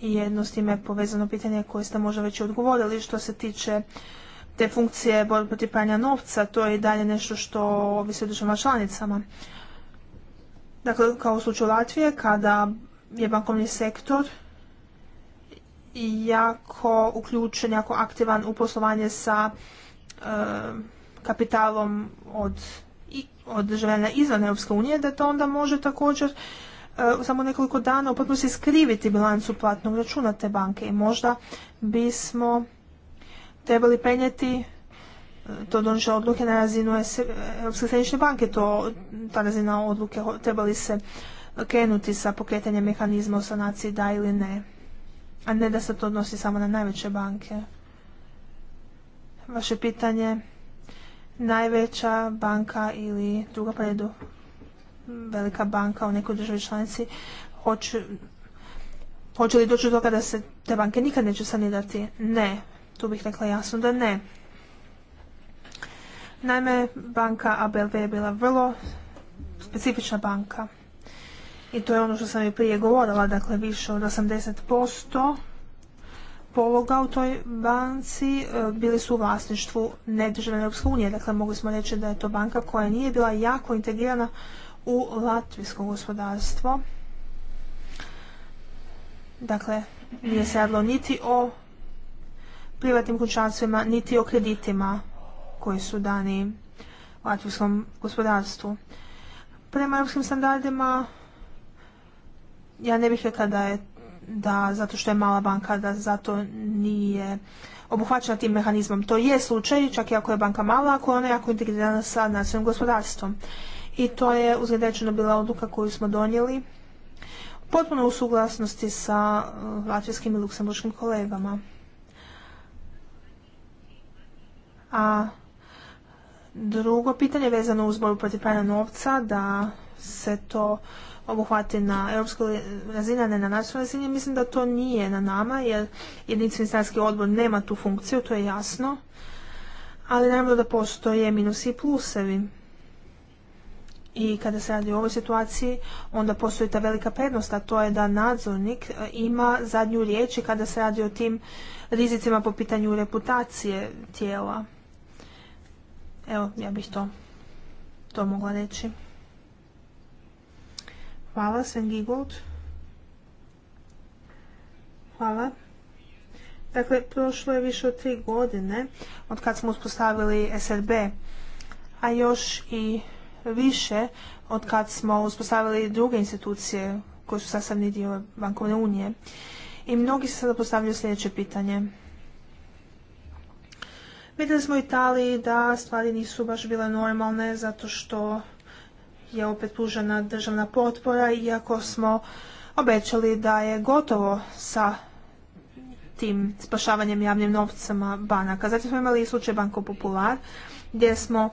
B: I jedno s time je povezano pitanje koje ste možda već i odgovorili što se tiče te funkcije borbe protiv pranja novca, to je i dalje nešto što ovisi o državama članicama. Dakle, kao u slučaju Latvije, kada je bankovni sektor jako uključen, jako aktivan u poslovanje sa eh, kapitalom od, od državljana izvan Europske unije, da to onda može također eh, samo nekoliko dana u se skriviti bilancu platnog računa te banke i možda bismo trebali penjeti eh, to donošenje odluke na razinu Europske središnje banke, to, ta razina odluke trebali se krenuti sa pokretanjem mehanizma u sanaciji da ili ne, a ne da se to odnosi samo na najveće banke. Vaše pitanje, najveća banka ili druga predu velika banka u nekoj državi članici hoće, hoće li doći do toga da se te banke nikad neće sanirati? Ne. Tu bih rekla jasno da ne. Naime, banka ABLV je bila vrlo specifična banka i to je ono što sam i prije govorila, dakle više od 80% pologa u toj banci e, bili su u vlasništvu nedržavne Europske unije. Dakle, mogli smo reći da je to banka koja nije bila jako integrirana u latvijsko gospodarstvo. Dakle, nije se radilo niti o privatnim kućanstvima, niti o kreditima koji su dani latvijskom gospodarstvu. Prema europskim standardima ja ne bih rekla da je da zato što je mala banka da zato nije obuhvaćena tim mehanizmom. To je slučaj, čak i ako je banka mala, ako je ona jako integrirana sa nacionalnim gospodarstvom. I to je uzgledečeno bila odluka koju smo donijeli potpuno u suglasnosti sa uh, latvijskim i luksemburškim kolegama. A drugo pitanje vezano uz borbu protiv pranja novca, da se to obuhvati na europskoj razini, a ne na nacionalnoj razini. Mislim da to nije na nama, jer jedinici ministarski odbor nema tu funkciju, to je jasno. Ali naravno da postoje minusi i plusevi. I kada se radi o ovoj situaciji, onda postoji ta velika prednost, a to je da nadzornik e, ima zadnju riječ i kada se radi o tim rizicima po pitanju reputacije tijela. Evo, ja bih to, to mogla reći. Hvala, Hvala. Dakle, prošlo je više od tri godine od kad smo uspostavili SRB, a još i više od kad smo uspostavili druge institucije koje su sastavni dio bankovne unije. I mnogi se sada postavljaju sljedeće pitanje. Vidjeli smo u Italiji da stvari nisu baš bile normalne zato što je opet pružena državna potpora, iako smo obećali da je gotovo sa tim spašavanjem javnim novcama banaka. Zatim smo imali i slučaj Banko Popular, gdje smo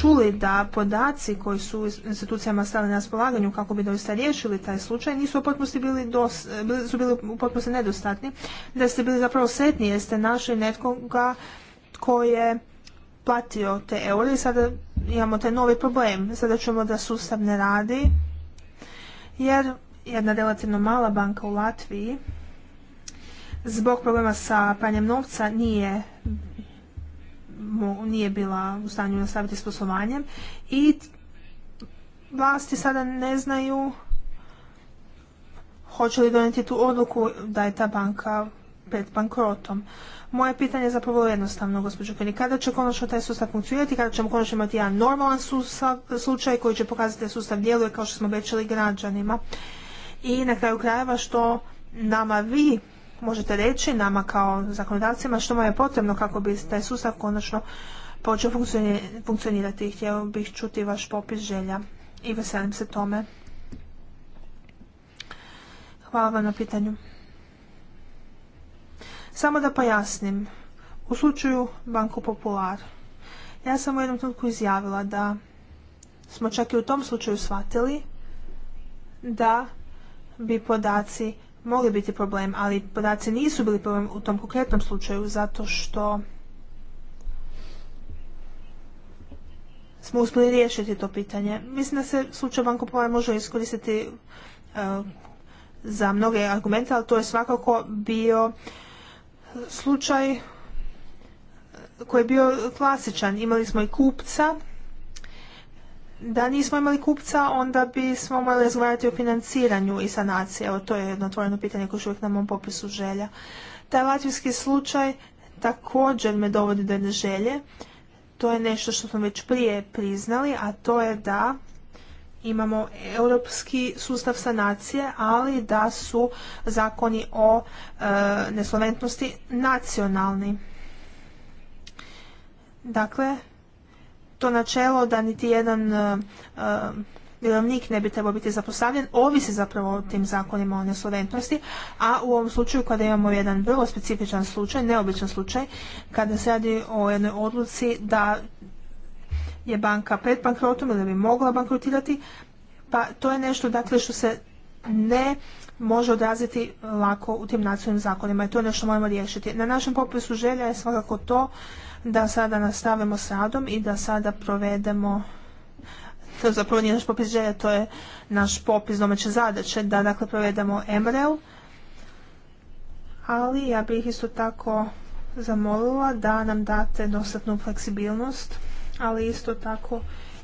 B: čuli da podaci koji su institucijama stali na raspolaganju kako bi doista riješili taj slučaj nisu u bili, dos, su bili u potpunosti nedostatni, da ste bili zapravo sretni jer ste našli nekoga tko je platio te eure i sada imamo taj novi problem. Sada ćemo da sustav ne radi, jer jedna relativno mala banka u Latviji zbog problema sa panjem novca nije nije bila u stanju nastaviti s poslovanjem i vlasti sada ne znaju hoće li donijeti tu odluku da je ta banka pred bankrotom. Moje pitanje je zapravo jednostavno, gospođo Kani. Kada će konačno taj sustav funkcionirati? Kada ćemo konačno imati jedan normalan sustav, slučaj koji će pokazati da sustav djeluje kao što smo obećali građanima? I na kraju krajeva što nama vi možete reći, nama kao zakonodavcima, što vam je potrebno kako bi taj sustav konačno počeo funkcionirati. Htio bih čuti vaš popis želja i veselim se tome. Hvala vam na pitanju. Samo da pojasnim, u slučaju Banko Popular, ja sam u jednom trenutku izjavila da smo čak i u tom slučaju shvatili da bi podaci mogli biti problem, ali podaci nisu bili problem u tom konkretnom slučaju zato što smo uspjeli riješiti to pitanje. Mislim da se slučaj Banko Popular može iskoristiti e, za mnoge argumente, ali to je svakako bio slučaj e, koji je bio klasičan. Imali smo i kupca. Da nismo imali kupca, onda bismo morali razgovarati o financiranju i sanaciji. Evo, to je jedno otvoreno pitanje koje još uvijek na mom popisu želja. Taj latvijski slučaj također me dovodi do jedne želje. To je nešto što smo već prije priznali, a to je da imamo europski sustav sanacije, ali da su zakoni o nesloventnosti nesolventnosti nacionalni. Dakle, to načelo da niti jedan e, e, vjerovnik ne bi trebao biti zapostavljen, ovisi zapravo o tim zakonima o nesolventnosti, a u ovom slučaju kada imamo jedan vrlo specifičan slučaj, neobičan slučaj, kada se radi o jednoj odluci da je banka pred bankrotom ili bi mogla bankrotirati, pa to je nešto dakle što se ne može odraziti lako u tim nacionalnim zakonima i to je nešto moramo riješiti. Na našem popisu želja je svakako to da sada nastavimo s radom i da sada provedemo to zapravo nije naš popis želja, to je naš popis domaće zadaće, da dakle provedemo MREL, ali ja bih isto tako zamolila da nam date dostatnu fleksibilnost ali isto tako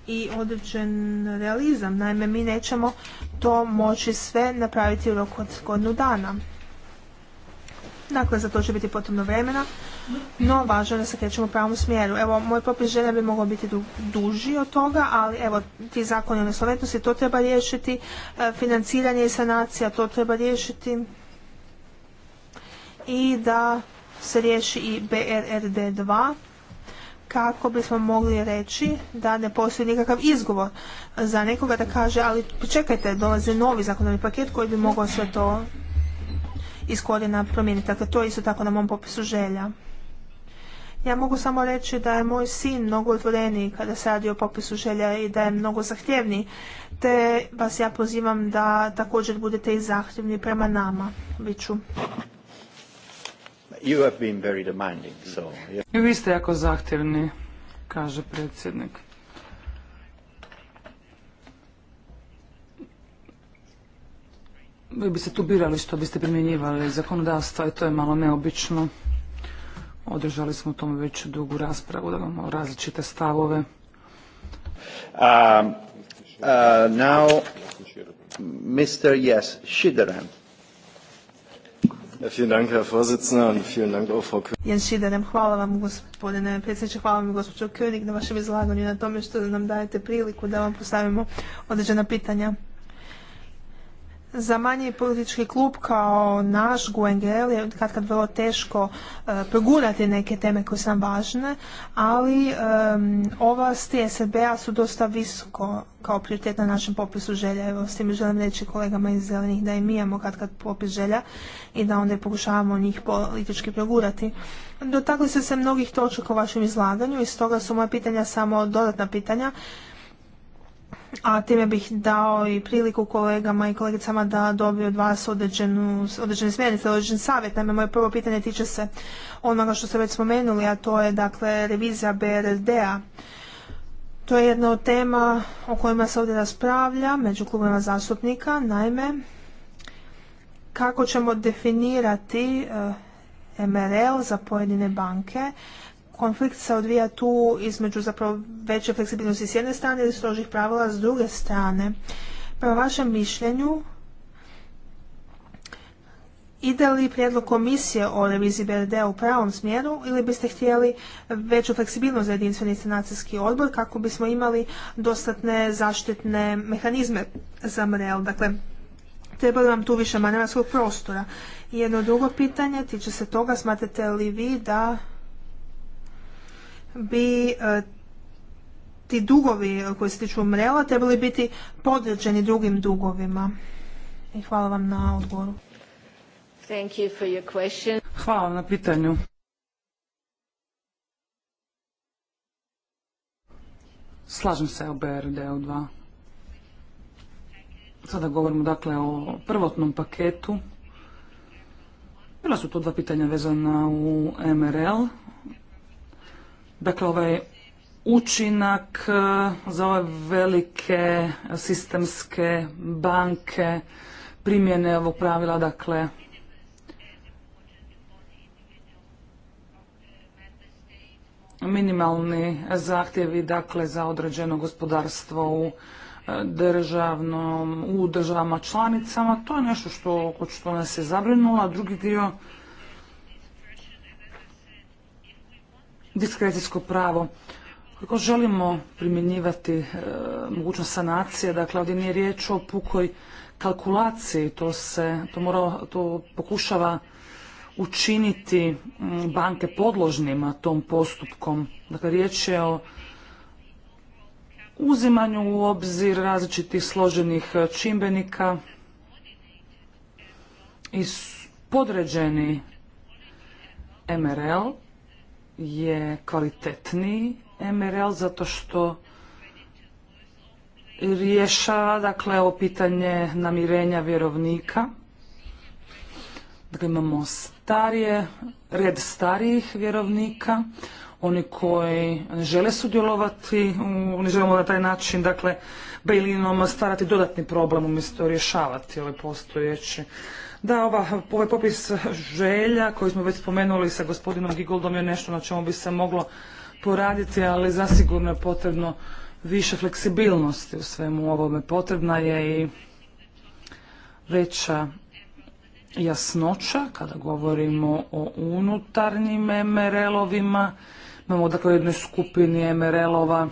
B: i određen realizam. Naime, mi nećemo to moći sve napraviti u roku od godinu dana. Dakle, za to će biti potrebno vremena, no važno je da se krećemo u pravom smjeru. Evo, moj popis želja bi mogao biti duži od toga, ali evo, ti zakoni o neslovetnosti to treba riješiti, e, financiranje i sanacija, to treba riješiti i da se riješi i BRRD2, kako bismo mogli reći da ne postoji nikakav izgovor za nekoga da kaže ali čekajte, dolazi novi zakonodavni paket koji bi mogao sve to iz korijena promijeniti. Dakle, to je isto tako na mom popisu želja. Ja mogu samo reći da je moj sin mnogo otvoreniji kada se radi o popisu želja i da je mnogo zahtjevniji, te vas ja pozivam da također budete i zahtjevni prema nama, Biću.
A: You have been very demanding,
C: I vi ste jako zahtjevni, kaže predsjednik. Vi biste tu birali što biste primjenjivali zakonodavstva i to je malo neobično. Održali smo u tome već dugu raspravu, da imamo različite stavove. Um,
B: uh, now, Mr. Yes, Vielen Dank, Herr Vorsitzender, und vielen Dank auch Frau hvala vam, gospodine predsjedniče, hvala vam, gospođo König, na vašem izlaganju i na tome što nam dajete priliku da vam postavimo određena pitanja za manji politički klub kao naš Guengel je kad kad vrlo teško e, progurati neke teme koje su nam važne, ali ova ovlasti srb a su dosta visoko kao prioritet na našem popisu želja. Evo, s tim želim reći kolegama iz zelenih da i mi imamo kad kad popis želja i da onda pokušavamo njih politički progurati. Dotakli ste se mnogih točaka u vašem izlaganju i stoga su moja pitanja samo dodatna pitanja a time bih dao i priliku kolegama i kolegicama da dobiju od vas određenu, određene smjernice, određen savjet. Naime, moje prvo pitanje tiče se onoga što ste već spomenuli, a to je dakle revizija BRD-a. To je jedna od tema o kojima se ovdje raspravlja među klubima zastupnika. Naime, kako ćemo definirati eh, MRL za pojedine banke, konflikt se odvija tu između zapravo veće fleksibilnosti s jedne strane ili strožih pravila s druge strane. Prema vašem mišljenju, ide li prijedlog komisije o reviziji BRD u pravom smjeru ili biste htjeli veću fleksibilnost za jedinstveni sanacijski odbor kako bismo imali dostatne zaštitne mehanizme za MREL? Dakle, treba li vam tu više manevarskog prostora? jedno drugo pitanje tiče se toga, smatrate li vi da bi e, ti dugovi koji se tiču mrela trebali biti podređeni drugim dugovima. I hvala vam na odgovoru. Hvala na pitanju.
C: Slažem se o brd 2. Sada govorimo dakle o prvotnom paketu. Bila su to dva pitanja vezana u MRL. Dakle, ovaj učinak eh, za ove velike sistemske banke primjene ovog pravila, dakle, minimalni zahtjevi dakle za određeno gospodarstvo u eh, državnom, u državama članicama, to je nešto što, što nas je zabrinulo, a drugi dio diskrecijsko pravo. Ako želimo primjenjivati e, mogućnost sanacije, dakle ovdje nije riječ o pukoj kalkulaciji, to se, to, mora, to pokušava učiniti banke podložnima tom postupkom. Dakle, riječ je o uzimanju u obzir različitih složenih čimbenika i podređeni MRL je kvalitetniji MRL zato što rješava dakle ovo pitanje namirenja vjerovnika. Dakle imamo starije, red starijih vjerovnika, oni koji žele sudjelovati, oni želimo na taj način, dakle, bailinom stvarati dodatni problem umjesto rješavati ovaj postojeći. Da, ova, ovaj popis želja koji smo već spomenuli sa gospodinom Gigoldom je nešto na čemu bi se moglo poraditi, ali zasigurno je potrebno više fleksibilnosti u svemu ovome. Potrebna je i veća jasnoća kada govorimo o unutarnjim MRL-ovima. Imamo dakle jednoj skupini MRL-ova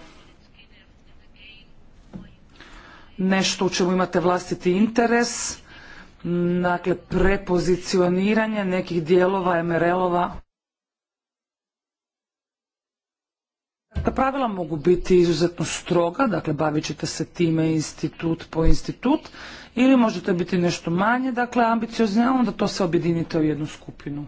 C: nešto u čemu imate vlastiti interes dakle, prepozicioniranje nekih dijelova MRL-ova. Ta pravila mogu biti izuzetno stroga, dakle bavit ćete se time institut po institut ili možete biti nešto manje, dakle ambiciozni, onda to se objedinite u jednu skupinu.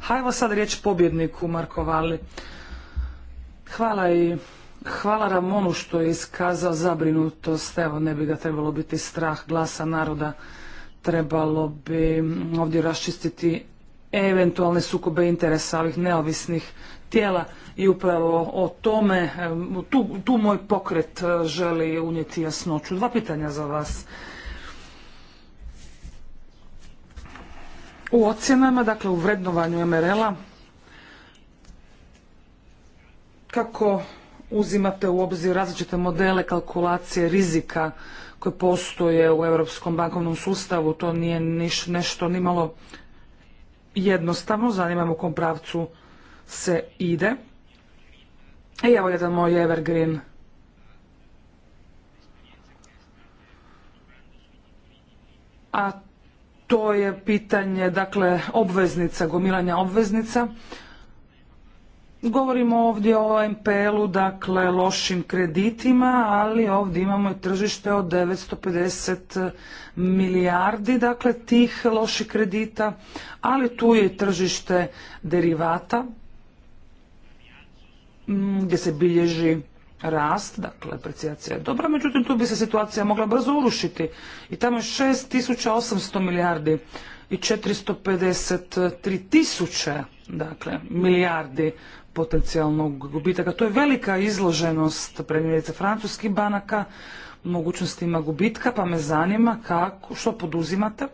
C: Hajmo sad riječ pobjedniku Markovali. Hvala i Hvala Ramonu što je iskazao zabrinutost, evo ne bi ga trebalo biti strah glasa naroda, trebalo bi ovdje raščistiti eventualne sukobe interesa ovih neovisnih tijela i upravo o tome, tu, tu moj pokret e, želi unijeti jasnoću. Dva pitanja za vas. U ocjenama, dakle u vrednovanju MRL-a, kako uzimate u obzir različite modele kalkulacije rizika koje postoje u europskom bankovnom sustavu. To nije niš, nešto nimalo jednostavno. Zanima u kom pravcu se ide. I e, evo jedan moj evergreen. A to je pitanje, dakle, obveznica, gomilanja obveznica. Govorimo ovdje o MPL-u, dakle lošim kreditima, ali ovdje imamo i tržište od 950 milijardi, dakle tih loših kredita, ali tu je tržište derivata mm, gdje se bilježi rast, dakle aprecijacija je dobra, međutim tu bi se situacija mogla brzo urušiti i tamo je 6800 milijardi i 453 tisuće dakle, milijardi potencijalnog gubitaka. To je velika izloženost primjerice francuskih banaka mogućnostima gubitka, pa me zanima kako, što poduzimate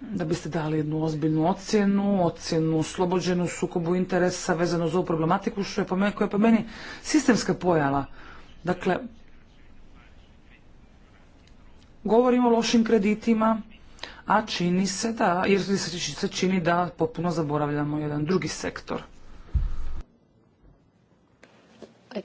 C: da biste dali jednu ozbiljnu ocjenu, ocjenu oslobođenu sukobu interesa vezano za ovu problematiku što je po meni, koja je po meni sistemska pojava. Dakle, govorimo o lošim kreditima, a čini se da, jer se čini da potpuno zaboravljamo jedan drugi sektor. I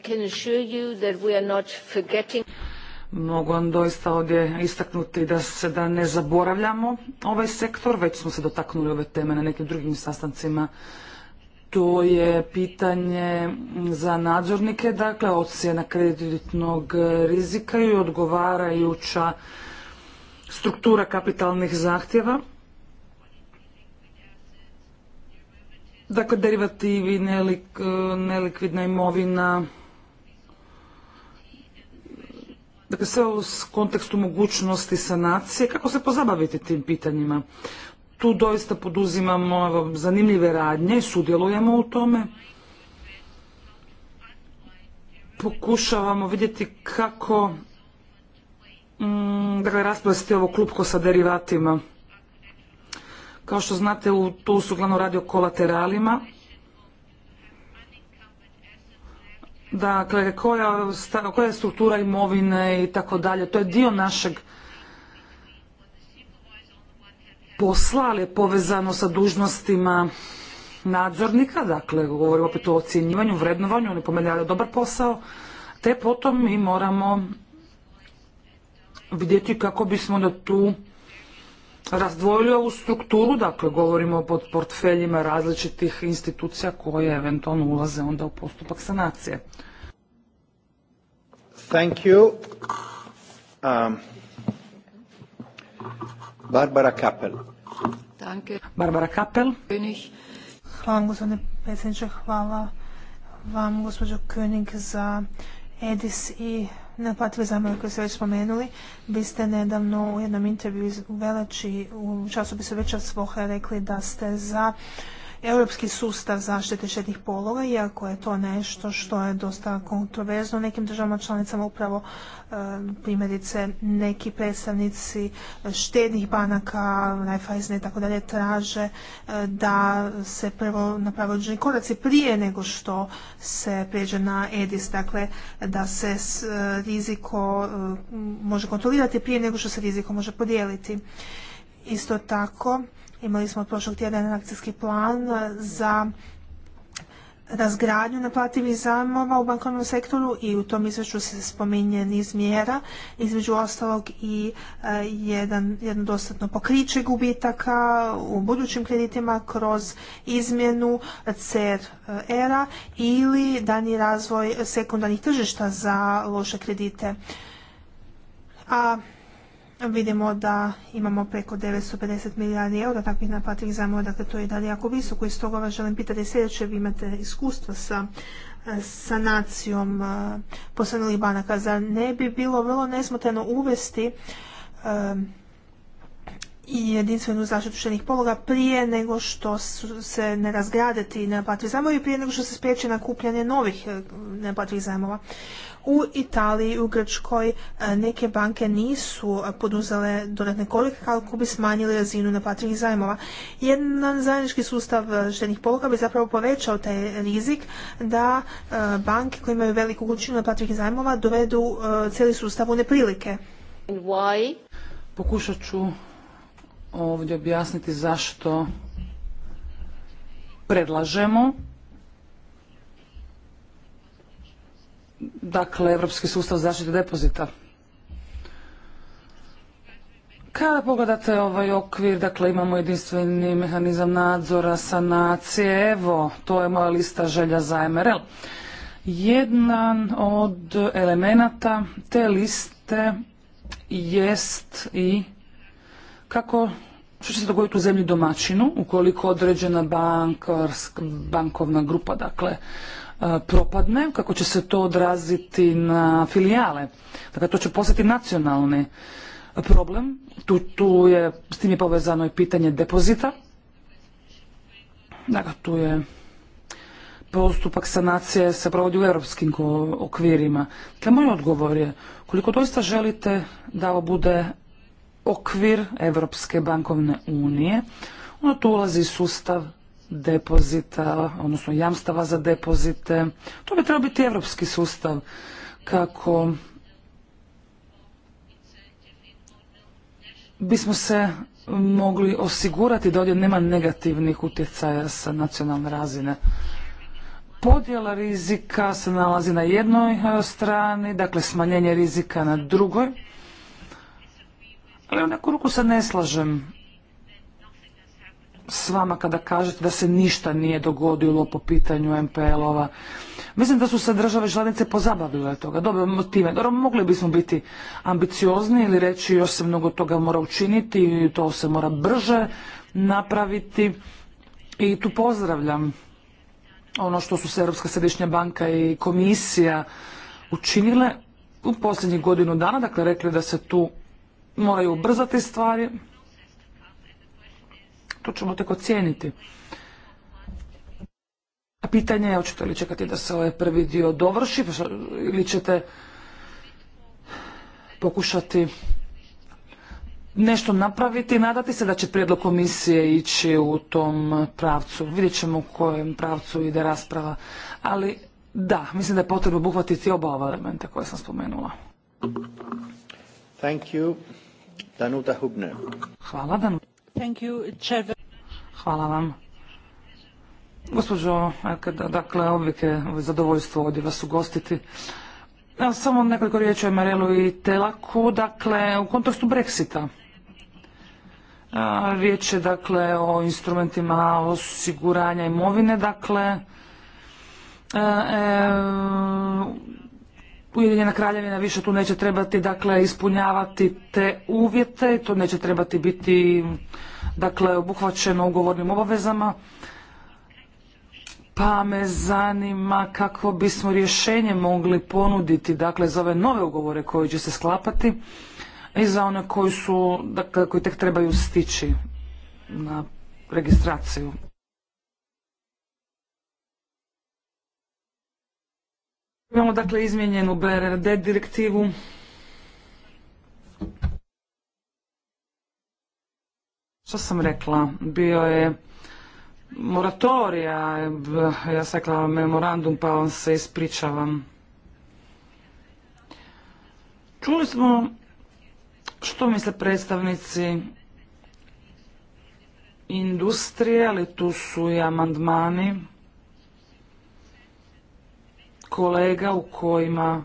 C: Mogu vam doista ovdje istaknuti da se da ne zaboravljamo ovaj sektor, već smo se dotaknuli ove teme na nekim drugim sastancima. To je pitanje za nadzornike, dakle ocjena kreditnog rizika i odgovarajuća struktura kapitalnih zahtjeva. Dakle, derivativi, nelik, e, nelikvidna imovina, dakle sve u kontekstu mogućnosti sanacije, kako se pozabaviti tim pitanjima. Tu doista poduzimamo evo, zanimljive radnje, sudjelujemo u tome. Pokušavamo vidjeti kako Mm, dakle, rasplesti ovo klupko sa derivatima. Kao što znate, u, tu su glavno radi o kolateralima. Dakle, koja, je struktura imovine i tako dalje. To je dio našeg posla, ali je povezano sa dužnostima nadzornika. Dakle, govorimo opet o ocjenjivanju, vrednovanju. Oni pomenjali dobar posao. Te potom mi moramo vidjeti kako bismo da tu razdvojili ovu strukturu, dakle govorimo o portfeljima različitih institucija koje eventualno ulaze onda u postupak sanacije.
B: Thank you. Um,
A: Barbara Kappel. Danke. Barbara
B: Kappel. Hvala vam, gospodine predsjedniče. Hvala vam, gospođo König, za EDIS i naplativi zajmovi koje ste već spomenuli, Vi ste nedavno u jednom intervju u Velači u časopisu Večer Svoha rekli da ste za europski sustav zaštite štetnih pologa, iako je to nešto što je dosta kontroverzno nekim državama članicama, upravo e, primjerice neki predstavnici štednih banaka, Raiffeisen i tako dalje, traže e, da se prvo naprave određeni koraci prije nego što se pređe na EDIS, dakle da se e, riziko može kontrolirati prije nego što se riziko može podijeliti. Isto tako, Imali smo od prošlog tjedna jedan akcijski plan za razgradnju naplativih zajmova u bankovnom sektoru i u tom izvješću se spominje niz mjera, između ostalog i e, jedan, jedno dostatno pokriće gubitaka u budućim kreditima kroz izmjenu CR-era ili dani razvoj sekundarnih tržišta za loše kredite. A vidimo da imamo preko 950 milijardi eura takvih naplatnih zajmova, dakle to je dalje jako visoko i stoga vas želim pitati sljedeće, vi imate iskustva sa eh, sanacijom eh, poslovnih banaka, zar ne bi bilo vrlo nesmotreno uvesti eh, i jedinstvenu zaštitu štenih pologa prije nego što se ne razgrade ti zajmova zajmovi i prije nego što se spriječi nakupljanje novih nenaplativih zajmova. U Italiji, u Grčkoj e, neke banke nisu e, poduzele dodatne korake kako bi smanjili razinu naplativih zajmova. Jedan zajednički sustav e, štednih poluga bi zapravo povećao taj rizik da banke koje imaju veliku količinu naplativih zajmova dovedu cijeli sustav u neprilike. Pokušat ću ovdje objasniti zašto
C: predlažemo dakle, Europski sustav zaštite depozita. Kada pogledate ovaj okvir, dakle imamo jedinstveni mehanizam nadzora, sanacije, evo, to je moja lista želja za MRL. Jedan od elemenata te liste jest i kako što će se dogoditi u zemlji domaćinu ukoliko određena bankovna grupa dakle E, propadne, kako će se to odraziti na filijale. Dakle, to će postati nacionalni problem. Tu, tu je, s tim je povezano i pitanje depozita. Dakle, tu je postupak sanacije se provodi u europskim okvirima. Dakle, moj odgovor je, koliko doista želite da ovo bude okvir Europske bankovne unije, ono tu ulazi sustav depozita, odnosno jamstava za depozite. To bi trebao biti evropski sustav kako bismo se mogli osigurati da ovdje nema negativnih utjecaja sa nacionalne razine. Podjela rizika se nalazi na jednoj e, strani, dakle smanjenje rizika na drugoj. Ali u neku ruku se ne slažem s vama kada kažete da se ništa nije dogodilo po pitanju MPL-ova. Mislim da su se države članice pozabavile toga. Dobro, time. Dobro, mogli bismo biti ambiciozni ili reći još se mnogo toga mora učiniti i to se mora brže napraviti. I tu pozdravljam ono što su se Europska središnja banka i komisija učinile u posljednjih godinu dana, dakle rekli da se tu moraju ubrzati stvari, to ćemo tek ocijeniti. A pitanje je, hoćete li čekati da se ovaj prvi dio dovrši pa ili ćete pokušati nešto napraviti i nadati se da će prijedlog komisije ići u tom pravcu. Vidjet ćemo u kojem pravcu ide rasprava. Ali da, mislim da je potrebno obuhvatiti oba ova elementa koje sam spomenula. Thank you. Hvala Danuta. Hvala vam. Gospođo, dakle, uvijek je zadovoljstvo ovdje vas ugostiti. samo nekoliko riječi o Marelu i Telaku, dakle, u kontekstu Brexita. Riječ je, dakle, o instrumentima osiguranja imovine, dakle, e, Ujedinjena kraljevina više tu neće trebati dakle ispunjavati te uvjete, to neće trebati biti dakle obuhvaćeno ugovornim obavezama. Pa me zanima kako bismo rješenje mogli ponuditi dakle za ove nove ugovore koji će se sklapati i za one koji su dakle koji tek trebaju stići na registraciju. Imamo dakle izmijenjenu BRD direktivu. Što sam rekla? Bio je moratorija, ja sam rekla memorandum pa vam se ispričavam. Čuli smo što misle predstavnici industrije, ali tu su i amandmani kolega u kojima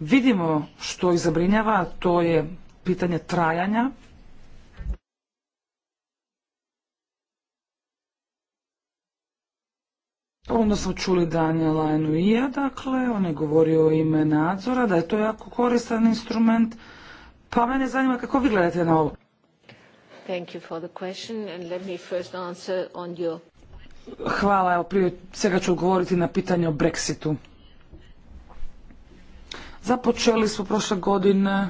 C: vidimo što ih zabrinjava, a to je pitanje trajanja. Onda smo čuli Daniela Enuija, dakle, on je govorio o ime nadzora, da je to jako koristan instrument, pa mene zanima kako vi gledate na ovo.
B: Thank on
C: Hvala, evo prije svega ću odgovoriti na pitanje o Brexitu. Započeli smo prošle godine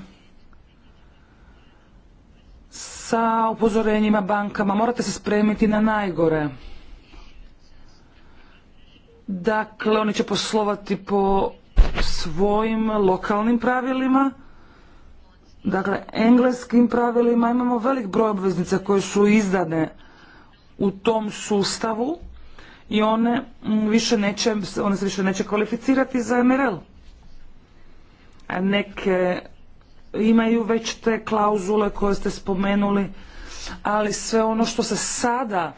C: sa upozorenjima bankama. Morate se spremiti na najgore. Dakle, oni će poslovati po svojim lokalnim pravilima, dakle, engleskim pravilima. Imamo velik broj obveznica koje su izdane u tom sustavu i one mm, više neće, one se više neće kvalificirati za MRL neke imaju već te klauzule koje ste spomenuli, ali sve ono što se sada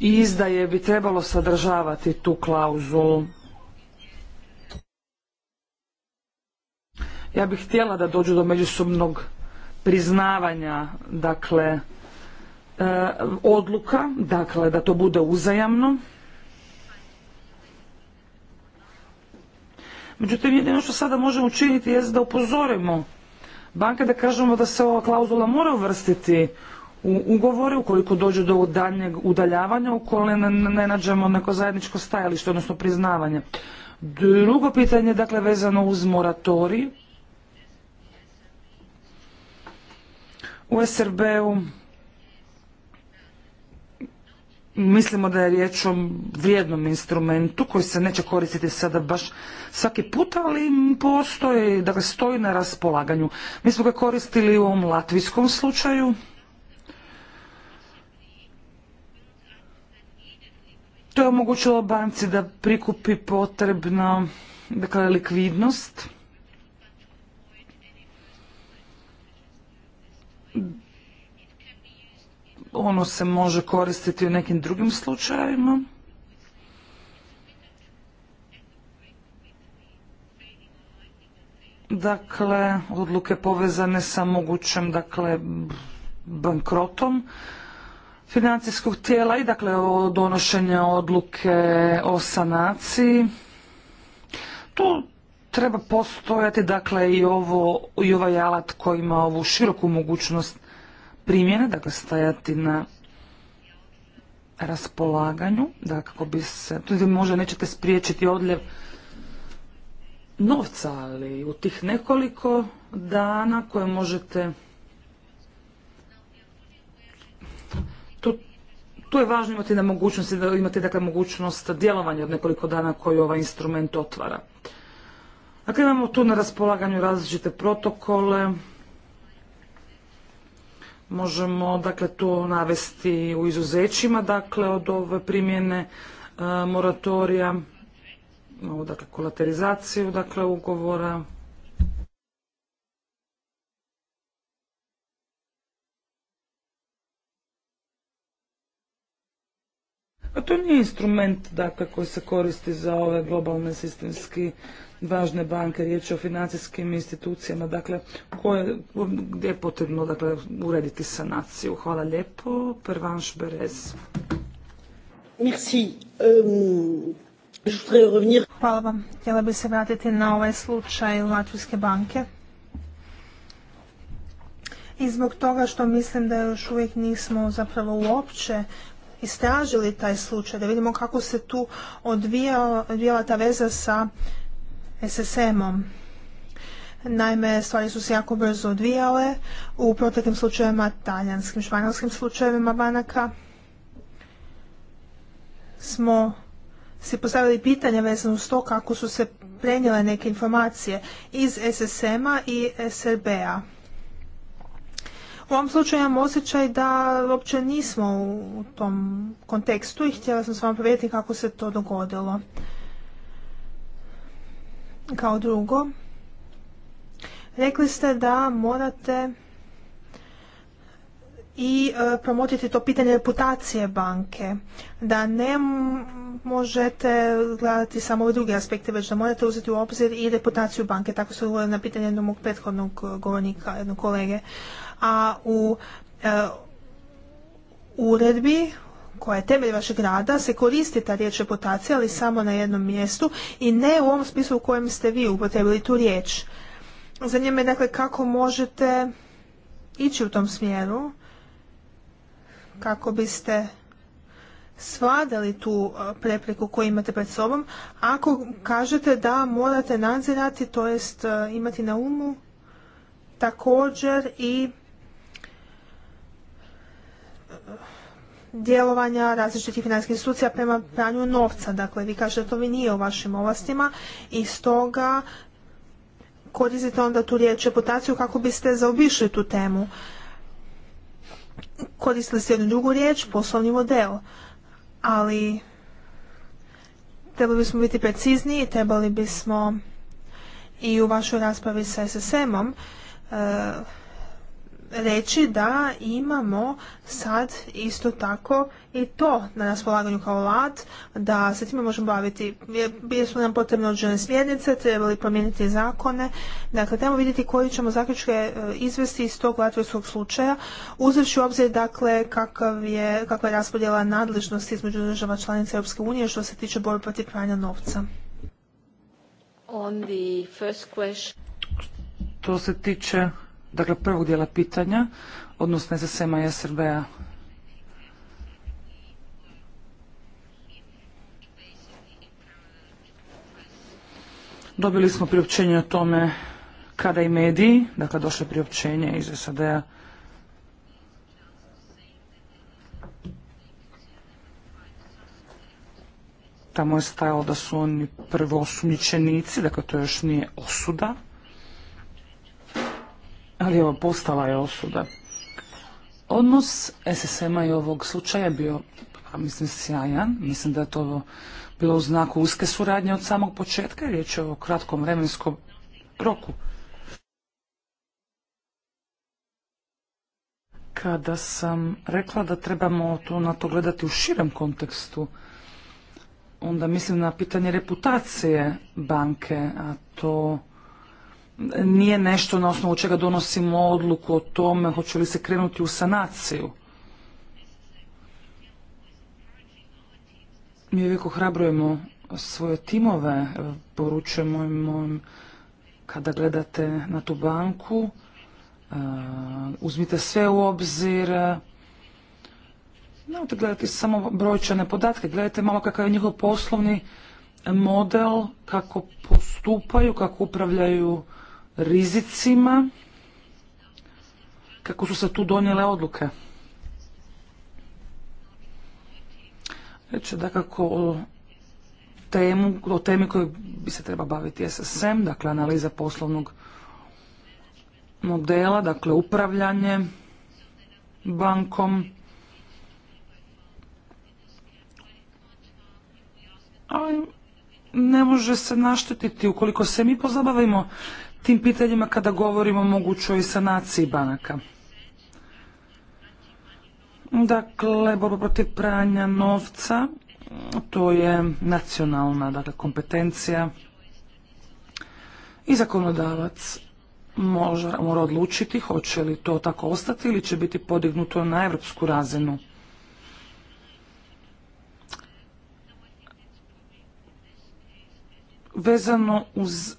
C: izdaje bi trebalo sadržavati tu klauzulu. Ja bih htjela da dođu do međusobnog priznavanja, dakle, e, odluka, dakle, da to bude uzajamno. Međutim, jedino što sada možemo učiniti je da upozorimo banke da kažemo da se ova klauzula mora uvrstiti u ugovore ukoliko dođe do daljnjeg udaljavanja ukoliko ne, ne nađemo neko zajedničko stajalište, odnosno priznavanje. Drugo pitanje, dakle, vezano uz moratorij. U SRB-u Mislimo da je riječ o vrijednom instrumentu koji se neće koristiti sada baš svaki put, ali postoji, dakle stoji na raspolaganju. Mi smo ga koristili u ovom latvijskom slučaju. To je omogućilo banci da prikupi potrebna dakle, likvidnost. ono se može koristiti u nekim drugim slučajevima. Dakle, odluke povezane sa mogućem dakle, bankrotom financijskog tijela i dakle donošenje odluke o sanaciji. Tu treba postojati dakle i ovo i ovaj alat koji ima ovu široku mogućnost primjene, dakle stajati na raspolaganju, da kako bi se, tu možda nećete spriječiti odljev novca, ali u tih nekoliko dana koje možete tu, je važno imati na mogućnosti, da imate dakle mogućnost djelovanja od nekoliko dana koji ovaj instrument otvara. Dakle, imamo tu na raspolaganju različite protokole, možemo dakle to navesti u izuzećima dakle od ove primjene e, moratorija ovu dakle kolaterizaciju dakle ugovora A to nije instrument dakle, koji se koristi za ove globalne sistemski važne banke, riječ je o financijskim institucijama, dakle, koje, gdje je potrebno dakle, urediti sanaciju. Hvala lijepo. Prvanš Berez.
B: Merci. Euh, Hvala vam. Htjela bih se vratiti na ovaj slučaj Latvijske banke. I zbog toga što mislim da još uvijek nismo zapravo uopće istražili taj slučaj, da vidimo kako se tu odvijala, odvijala ta veza sa SSM-om. Naime, stvari su se jako brzo odvijale u proteklim slučajevima, talijanskim, španjolskim slučajevima banaka. Smo si postavili pitanje vezano s to kako su se prenijele neke informacije iz SSM-a i SRB-a. U ovom slučaju imam osjećaj da uopće nismo u tom kontekstu i htjela sam s vama kako se to dogodilo. Kao drugo, rekli ste da morate i e, promotiti to pitanje reputacije banke, da ne možete gledati samo ove druge aspekte, već da morate uzeti u obzir i reputaciju banke. Tako se odgovorili na pitanje jednog mog prethodnog e, govornika, jednog kolege. A u e, uredbi koja je temelj vašeg rada, se koristi ta riječ reputacija, ali samo na jednom mjestu i ne u ovom smislu u kojem ste vi upotrebili tu riječ. Zanima me dakle kako možete ići u tom smjeru, kako biste svladali tu uh, prepreku koju imate pred sobom, ako kažete da morate nadzirati, to jest uh, imati na umu također i uh, djelovanja različitih financijskih institucija prema pranju novca. Dakle, vi kažete da to vi nije u vašim ovlastima i stoga koristite onda tu riječ reputaciju kako biste zaobišli tu temu. Koristili ste jednu drugu riječ, poslovni model, ali trebali bismo biti precizniji, trebali bismo i u vašoj raspravi sa SSM-om e, reći da imamo sad isto tako i to na raspolaganju kao lat, da se time možemo baviti. Bili su nam potrebno određene smjernice, trebali promijeniti zakone. Dakle, trebamo vidjeti koji ćemo zaključke e, izvesti iz tog latvijskog slučaja, uzevši u obzir dakle kakav je, kakva je raspodjela nadležnosti između država članica Europske unije što se tiče borbe protiv pranja novca. On
C: se tiče dakle prvog dijela pitanja, odnosno za a i SRB-a. Dobili smo priopćenje o tome kada i mediji, dakle došlo je priopćenje iz SAD-a tamo je stajalo da su oni prvo osumnjičenici, dakle to još nije osuda ali evo, postala je osuda. Odnos SSM-a i ovog slučaja bio, a pa mislim, sjajan. Mislim da je to bilo u znaku uske suradnje od samog početka. Riječ je o kratkom vremenskom roku. Kada sam rekla da trebamo to na to gledati u širem kontekstu, onda mislim na pitanje reputacije banke, a to nije nešto na osnovu čega donosimo odluku o tome hoće li se krenuti u sanaciju. Mi uvijek ohrabrujemo svoje timove, poručujemo im kada gledate na tu banku, e, uzmite sve u obzir, e, nemojte gledati samo brojčane podatke, gledajte malo kakav je njihov poslovni model, kako postupaju, kako upravljaju rizicima, kako su se tu donijele odluke. Reći da kako o, temu, o temi koju bi se treba baviti SSM, dakle analiza poslovnog modela, dakle upravljanje bankom. Ali ne može se naštetiti ukoliko se mi pozabavimo tim pitanjima kada govorimo o mogućoj sanaciji banaka. Dakle, borba protiv pranja novca, to je nacionalna dakle, kompetencija i zakonodavac mora odlučiti hoće li to tako ostati ili će biti podignuto na evropsku razinu. Vezano uz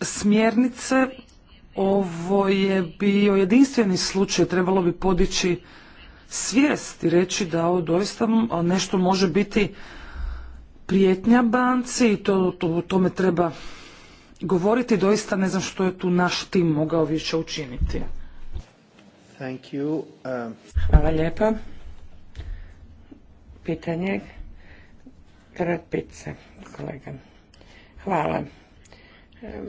C: smjernice. Ovo je bio jedinstveni slučaj, trebalo bi podići svijest i reći da ovo doista nešto može biti prijetnja banci i to, to, tome treba govoriti. Doista ne znam što je tu naš tim mogao više učiniti.
B: Um,
A: Hvala lijepa. Pitanje kolega. Hvala.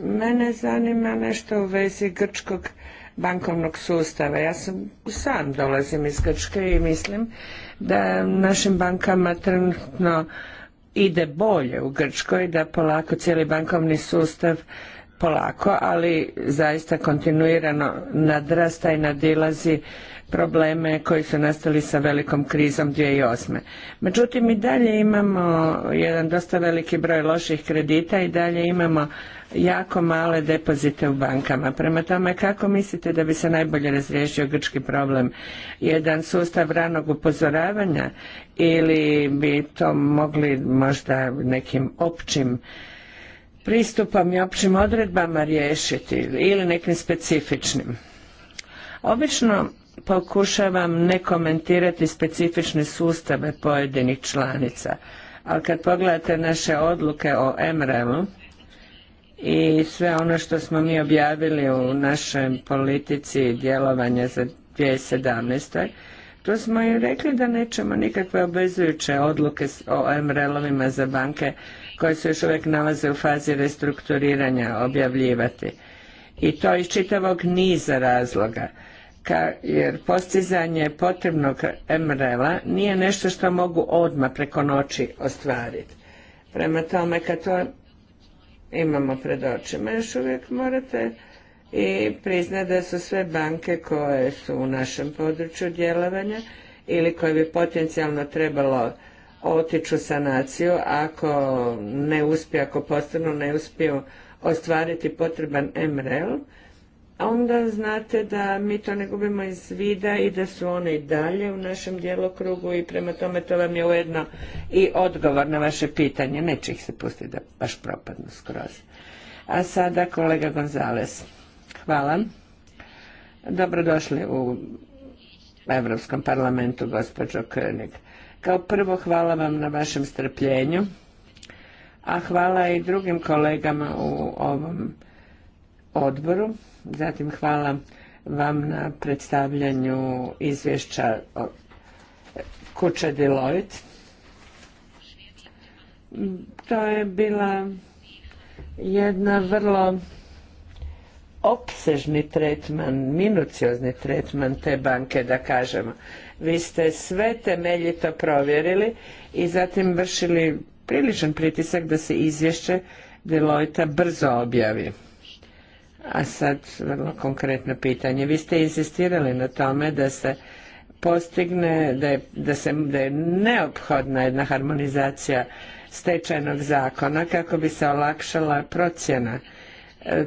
A: Mene zanima nešto u vezi grčkog bankovnog sustava. Ja sam sam dolazim iz Grčke i mislim da našim bankama trenutno ide bolje u Grčkoj, da polako cijeli bankovni sustav polako, ali zaista kontinuirano nadrasta i nadilazi probleme koji su nastali sa velikom krizom 2008. Međutim, i dalje imamo jedan dosta veliki broj loših kredita i dalje imamo jako male depozite u bankama. Prema tome, kako mislite da bi se najbolje razriješio grčki problem? Jedan sustav ranog upozoravanja ili bi to mogli možda nekim općim pristupom i općim odredbama riješiti ili nekim specifičnim. Obično pokušavam ne komentirati specifične sustave pojedinih članica, ali kad pogledate naše odluke o mrl u i sve ono što smo mi objavili u našoj politici djelovanja za 2017. to smo i rekli da nećemo nikakve obvezujuće odluke o mrl ovima za banke koje se još uvijek nalaze u fazi restrukturiranja objavljivati. I to iz čitavog niza razloga. Ka, jer postizanje potrebnog MRL-a nije nešto što mogu odmah preko noći ostvariti. Prema tome, kad to imamo pred očima, još uvijek morate i priznati da su sve banke koje su u našem području djelovanja ili koje bi potencijalno trebalo otiču sanaciju ako ne uspije, ako postanu ne uspiju ostvariti potreban MREL, onda znate da mi to ne gubimo iz vida i da su one i dalje u našem djelokrugu i prema tome to vam je ujedno i odgovor na vaše pitanje. Neće ih se pustiti da baš propadnu skroz. A sada kolega Gonzales. Hvala. Dobrodošli u Europskom parlamentu, gospođo kao prvo hvala vam na vašem strpljenju, a hvala i drugim kolegama u ovom odboru. Zatim hvala vam na predstavljanju izvješća kuće Deloitte. To je bila jedna vrlo opsežni tretman, minuciozni tretman te banke, da kažemo. Vi ste sve temeljito provjerili i zatim vršili priličan pritisak da se izvješće Deloita brzo objavi. A sad vrlo konkretno pitanje. Vi ste insistirali na tome da se postigne, da je, da se, da je neophodna jedna harmonizacija stečajnog zakona kako bi se olakšala procjena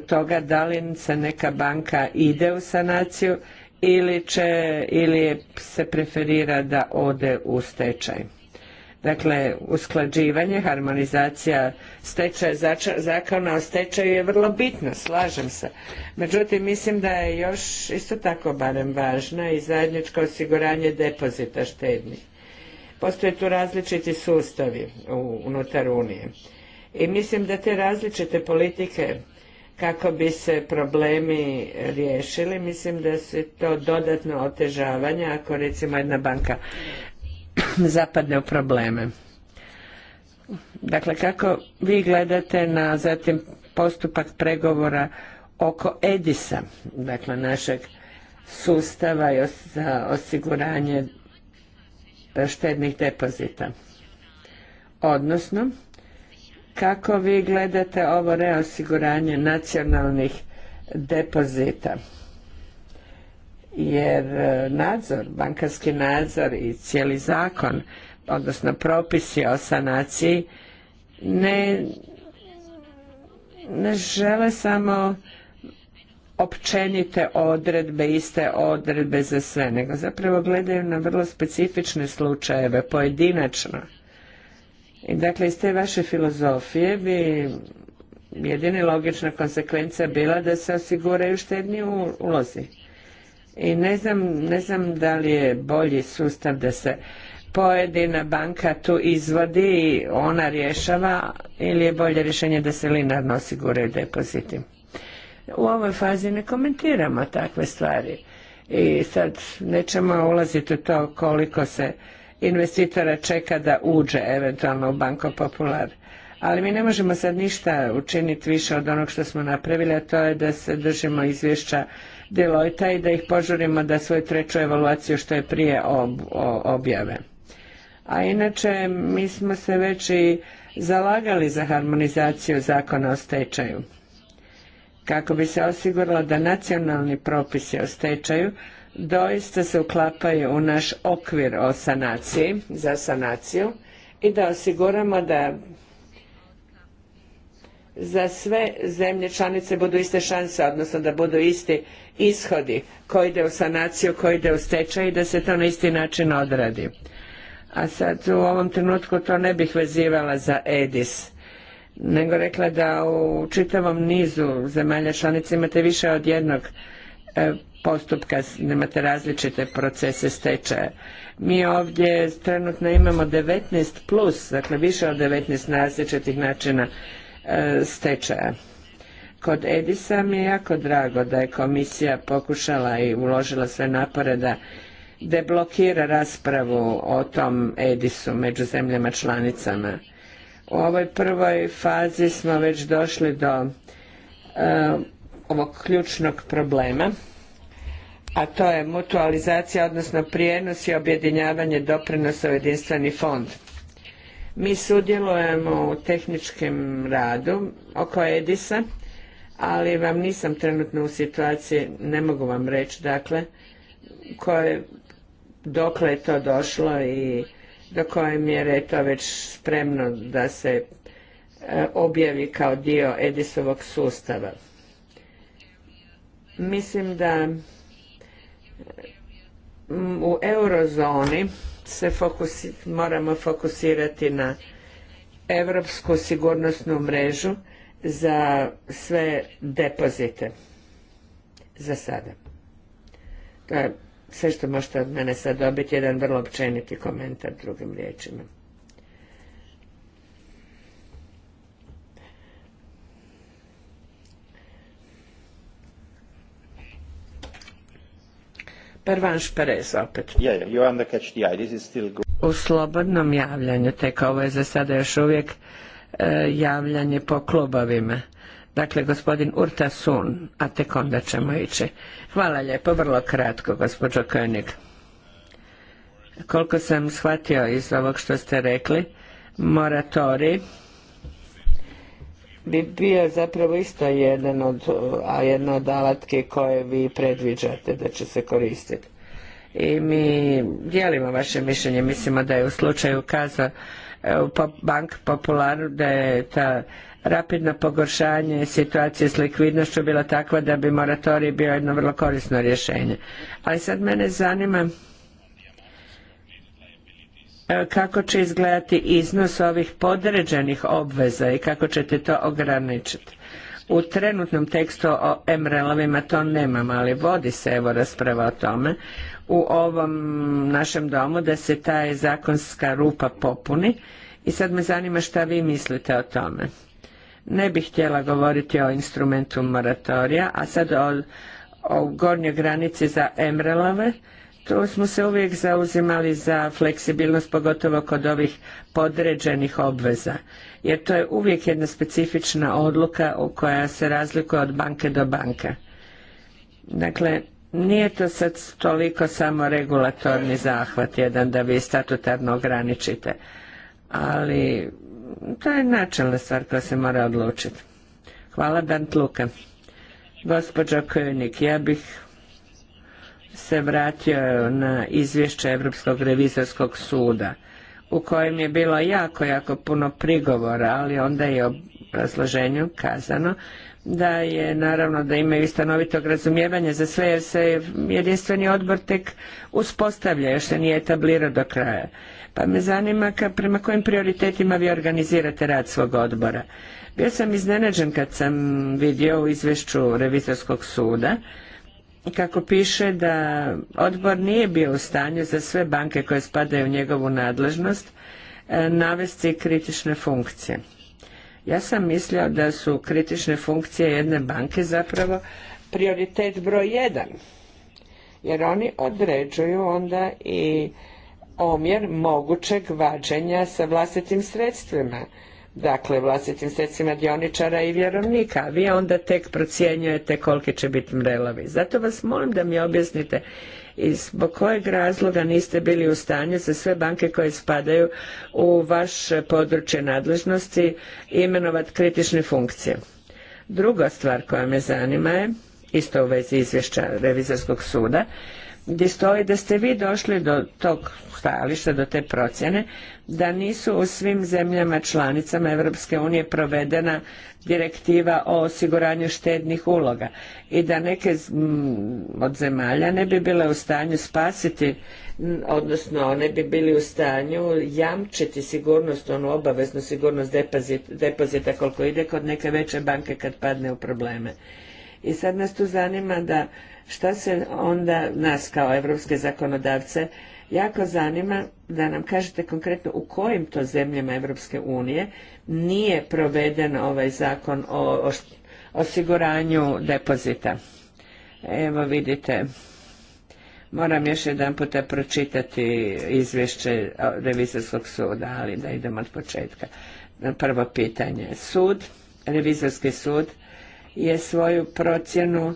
A: toga da li se neka banka ide u sanaciju ili, će, ili se preferira da ode u stečaj. Dakle, usklađivanje, harmonizacija stečaja, zakona o stečaju je vrlo bitna, slažem se. Međutim, mislim da je još isto tako barem važna i zajedničko osiguranje depozita štednih. Postoje tu različiti sustavi unutar Unije. I mislim da te različite politike kako bi se problemi riješili. Mislim da se to dodatno otežavanje ako recimo jedna banka zapadne u probleme. Dakle, kako vi gledate na zatim postupak pregovora oko Edisa, dakle našeg sustava za osiguranje štednih depozita. Odnosno, kako vi gledate ovo reosiguranje nacionalnih depozita? Jer e, nadzor, bankarski nadzor i cijeli zakon, odnosno propisi o sanaciji, ne, ne žele samo općenite odredbe, iste odredbe za sve, nego zapravo gledaju na vrlo specifične slučajeve, pojedinačno. I dakle, iz te vaše filozofije bi jedina logična konsekvenca bila da se osiguraju štedni ulozi. I ne znam, ne znam da li je bolji sustav da se pojedina banka tu izvodi i ona rješava ili je bolje rješenje da se linarno osiguraju depoziti. U ovoj fazi ne komentiramo takve stvari i sad nećemo ulaziti u to koliko se investitora čeka da uđe eventualno u Banko Popular. Ali mi ne možemo sad ništa učiniti više od onog što smo napravili, a to je da se držimo izvješća Deloita i da ih požurimo da svoju treću evaluaciju što je prije objave. A inače, mi smo se već i zalagali za harmonizaciju zakona o stečaju kako bi se osiguralo da nacionalni propisi o stečaju doista se uklapaju u naš okvir o sanaciji, za sanaciju i da osiguramo da za sve zemlje članice budu iste šanse, odnosno da budu isti ishodi koji ide u sanaciju, koji ide u stečaj i da se to na isti način odradi. A sad u ovom trenutku to ne bih vezivala za EDIS, nego rekla da u čitavom nizu zemalja članica imate više od jednog e, postupka, imate različite procese stečaja. Mi ovdje trenutno imamo 19 plus, dakle više od 19 različitih načina e, stečaja. Kod Edisa mi je jako drago da je komisija pokušala i uložila sve napore da deblokira raspravu o tom Edisu među zemljama članicama. U ovoj prvoj fazi smo već došli do e, ovog ključnog problema a to je mutualizacija, odnosno prijenos i objedinjavanje doprinosa u jedinstveni fond. Mi sudjelujemo u tehničkim radu oko Edisa, ali vam nisam trenutno u situaciji, ne mogu vam reći, dakle, koje, dokle je to došlo i do koje mjere je to već spremno da se e, objavi kao dio Edisovog sustava. Mislim da Mm, u eurozoni se fokusi, moramo fokusirati na europsku sigurnosnu mrežu za sve depozite za sada. To je sve što možete od mene sad dobiti, jedan vrlo općeniti komentar drugim riječima. U slobodnom javljanju, tek ovo je za sada još uvijek e, javljanje po klubovima. Dakle, gospodin Urta Sun, a tek onda ćemo ići. Hvala lijepo, vrlo kratko, gospođo König. Koliko sam shvatio iz ovog što ste rekli, moratori bi bio zapravo isto jedan od, a jedna od alatke koje vi predviđate da će se koristiti. I mi dijelimo vaše mišljenje, mislimo da je u slučaju kaza e, bank Popularu da je ta rapidno pogoršanje situacije s likvidnošću bila takva da bi moratorij bio jedno vrlo korisno rješenje. Ali sad mene zanima E, kako će izgledati iznos ovih podređenih obveza i kako ćete to ograničiti. U trenutnom tekstu o MRL-ovima to nemam, ali vodi se evo rasprava o tome u ovom našem domu da se ta zakonska rupa popuni i sad me zanima šta vi mislite o tome. Ne bih htjela govoriti o instrumentu moratorija, a sad o, gornjoj granici za MRL-ove tu smo se uvijek zauzimali za fleksibilnost, pogotovo kod ovih podređenih obveza, jer to je uvijek jedna specifična odluka koja se razlikuje od banke do banke. Dakle, nije to sad toliko samo regulatorni zahvat jedan da vi statutarno ograničite, ali to je načelna stvar koja se mora odlučiti. Hvala Dan Luka. Gospođo König, ja bih se vratio na izvješće Europskog revizorskog suda u kojem je bilo jako, jako puno prigovora, ali onda je u razloženju kazano da je naravno da imaju stanovitog razumijevanja za sve jer se jedinstveni odbor tek uspostavlja, još se nije etablirao do kraja. Pa me zanima prema kojim prioritetima vi organizirate rad svog odbora. Bio sam iznenađen kad sam vidio u izvješću revizorskog suda kako piše da odbor nije bio u stanju za sve banke koje spadaju u njegovu nadležnost e, navesti kritične funkcije. Ja sam mislio da su kritične funkcije jedne banke zapravo prioritet broj jedan, jer oni određuju onda i omjer mogućeg vađenja sa vlastitim sredstvima dakle vlastitim sredstvima dioničara i vjerovnika, a vi onda tek procjenjujete koliki će biti mrelovi. Zato vas molim da mi objasnite i zbog kojeg razloga niste bili u stanju za sve banke koje spadaju u vaš područje nadležnosti imenovati kritične funkcije. Druga stvar koja me zanima je, isto u vezi izvješća revizorskog suda, gdje stoji da ste vi došli do tog stajališta, do te procjene, da nisu u svim zemljama članicama Europske unije provedena direktiva o osiguranju štednih uloga i da neke od zemalja ne bi bile u stanju spasiti, odnosno ne bi bili u stanju jamčiti sigurnost, onu obaveznu sigurnost depozita, depozita koliko ide kod neke veće banke kad padne u probleme. I sad nas tu zanima da šta se onda nas kao evropske zakonodavce jako zanima da nam kažete konkretno u kojim to zemljama Evropske unije nije proveden ovaj zakon o osiguranju depozita. Evo vidite, moram još jedan puta pročitati izvješće Revizorskog suda, ali da idemo od početka. Na prvo pitanje. Sud, Revizorski sud je svoju procjenu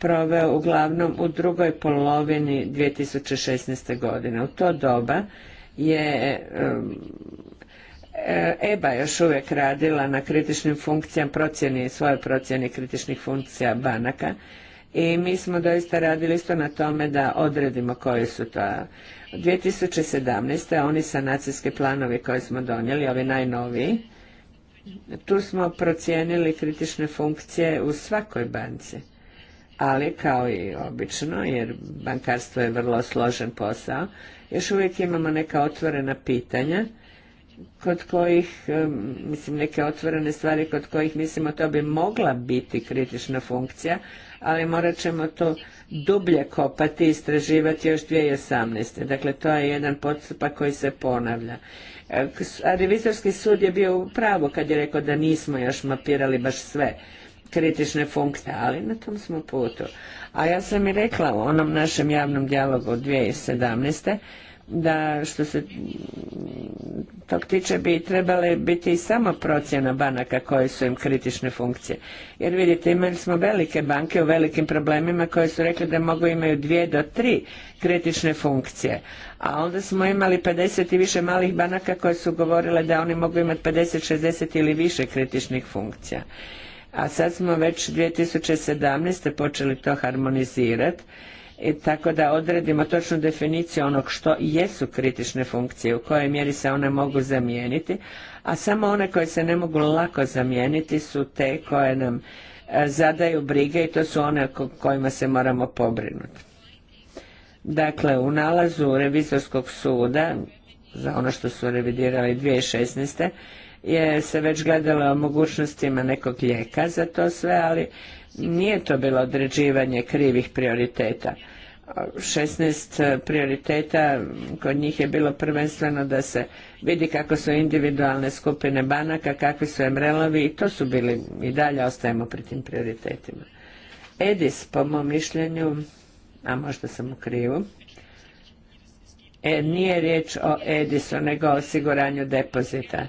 A: proveo uglavnom u drugoj polovini 2016. godine. U to doba je e, EBA još uvijek radila na kritičnim funkcijama, procjeni svoje procjeni kritičnih funkcija banaka i mi smo doista radili isto na tome da odredimo koji su to. 2017. oni sanacijski planovi koje smo donijeli, ovi najnoviji, tu smo procijenili kritične funkcije u svakoj banci ali kao i obično, jer bankarstvo je vrlo složen posao, još uvijek imamo neka otvorena pitanja kod kojih, e, mislim, neke otvorene stvari kod kojih mislimo to bi mogla biti kritična funkcija, ali morat ćemo to dublje kopati i istraživati još 2018. Dakle, to je jedan postupak koji se ponavlja. E, a revizorski sud je bio u pravu kad je rekao da nismo još mapirali baš sve kritične funkcije, ali na tom smo putu. A ja sam i rekla u onom našem javnom dijalogu 2017. da što se tog tiče bi trebale biti i samo procjena banaka koje su im kritične funkcije. Jer vidite, imali smo velike banke u velikim problemima koje su rekli da mogu imaju dvije do tri kritične funkcije. A onda smo imali 50 i više malih banaka koje su govorile da oni mogu imati 50, 60 ili više kritičnih funkcija a sad smo već 2017. počeli to harmonizirati tako da odredimo točnu definiciju onog što jesu kritične funkcije, u kojoj mjeri se one mogu zamijeniti, a samo one koje se ne mogu lako zamijeniti su te koje nam e, zadaju brige i to su one kojima se moramo pobrinuti. Dakle, u nalazu Revizorskog suda, za ono što su revidirali 2016 je se već gledalo o mogućnostima nekog lijeka za to sve, ali nije to bilo određivanje krivih prioriteta. 16 prioriteta, kod njih je bilo prvenstveno da se vidi kako su individualne skupine banaka, kakvi su emrelovi i to su bili i dalje ostajemo pri tim prioritetima. Edis, po mom mišljenju, a možda sam u krivu, e, nije riječ o Edisu, nego o osiguranju depozita.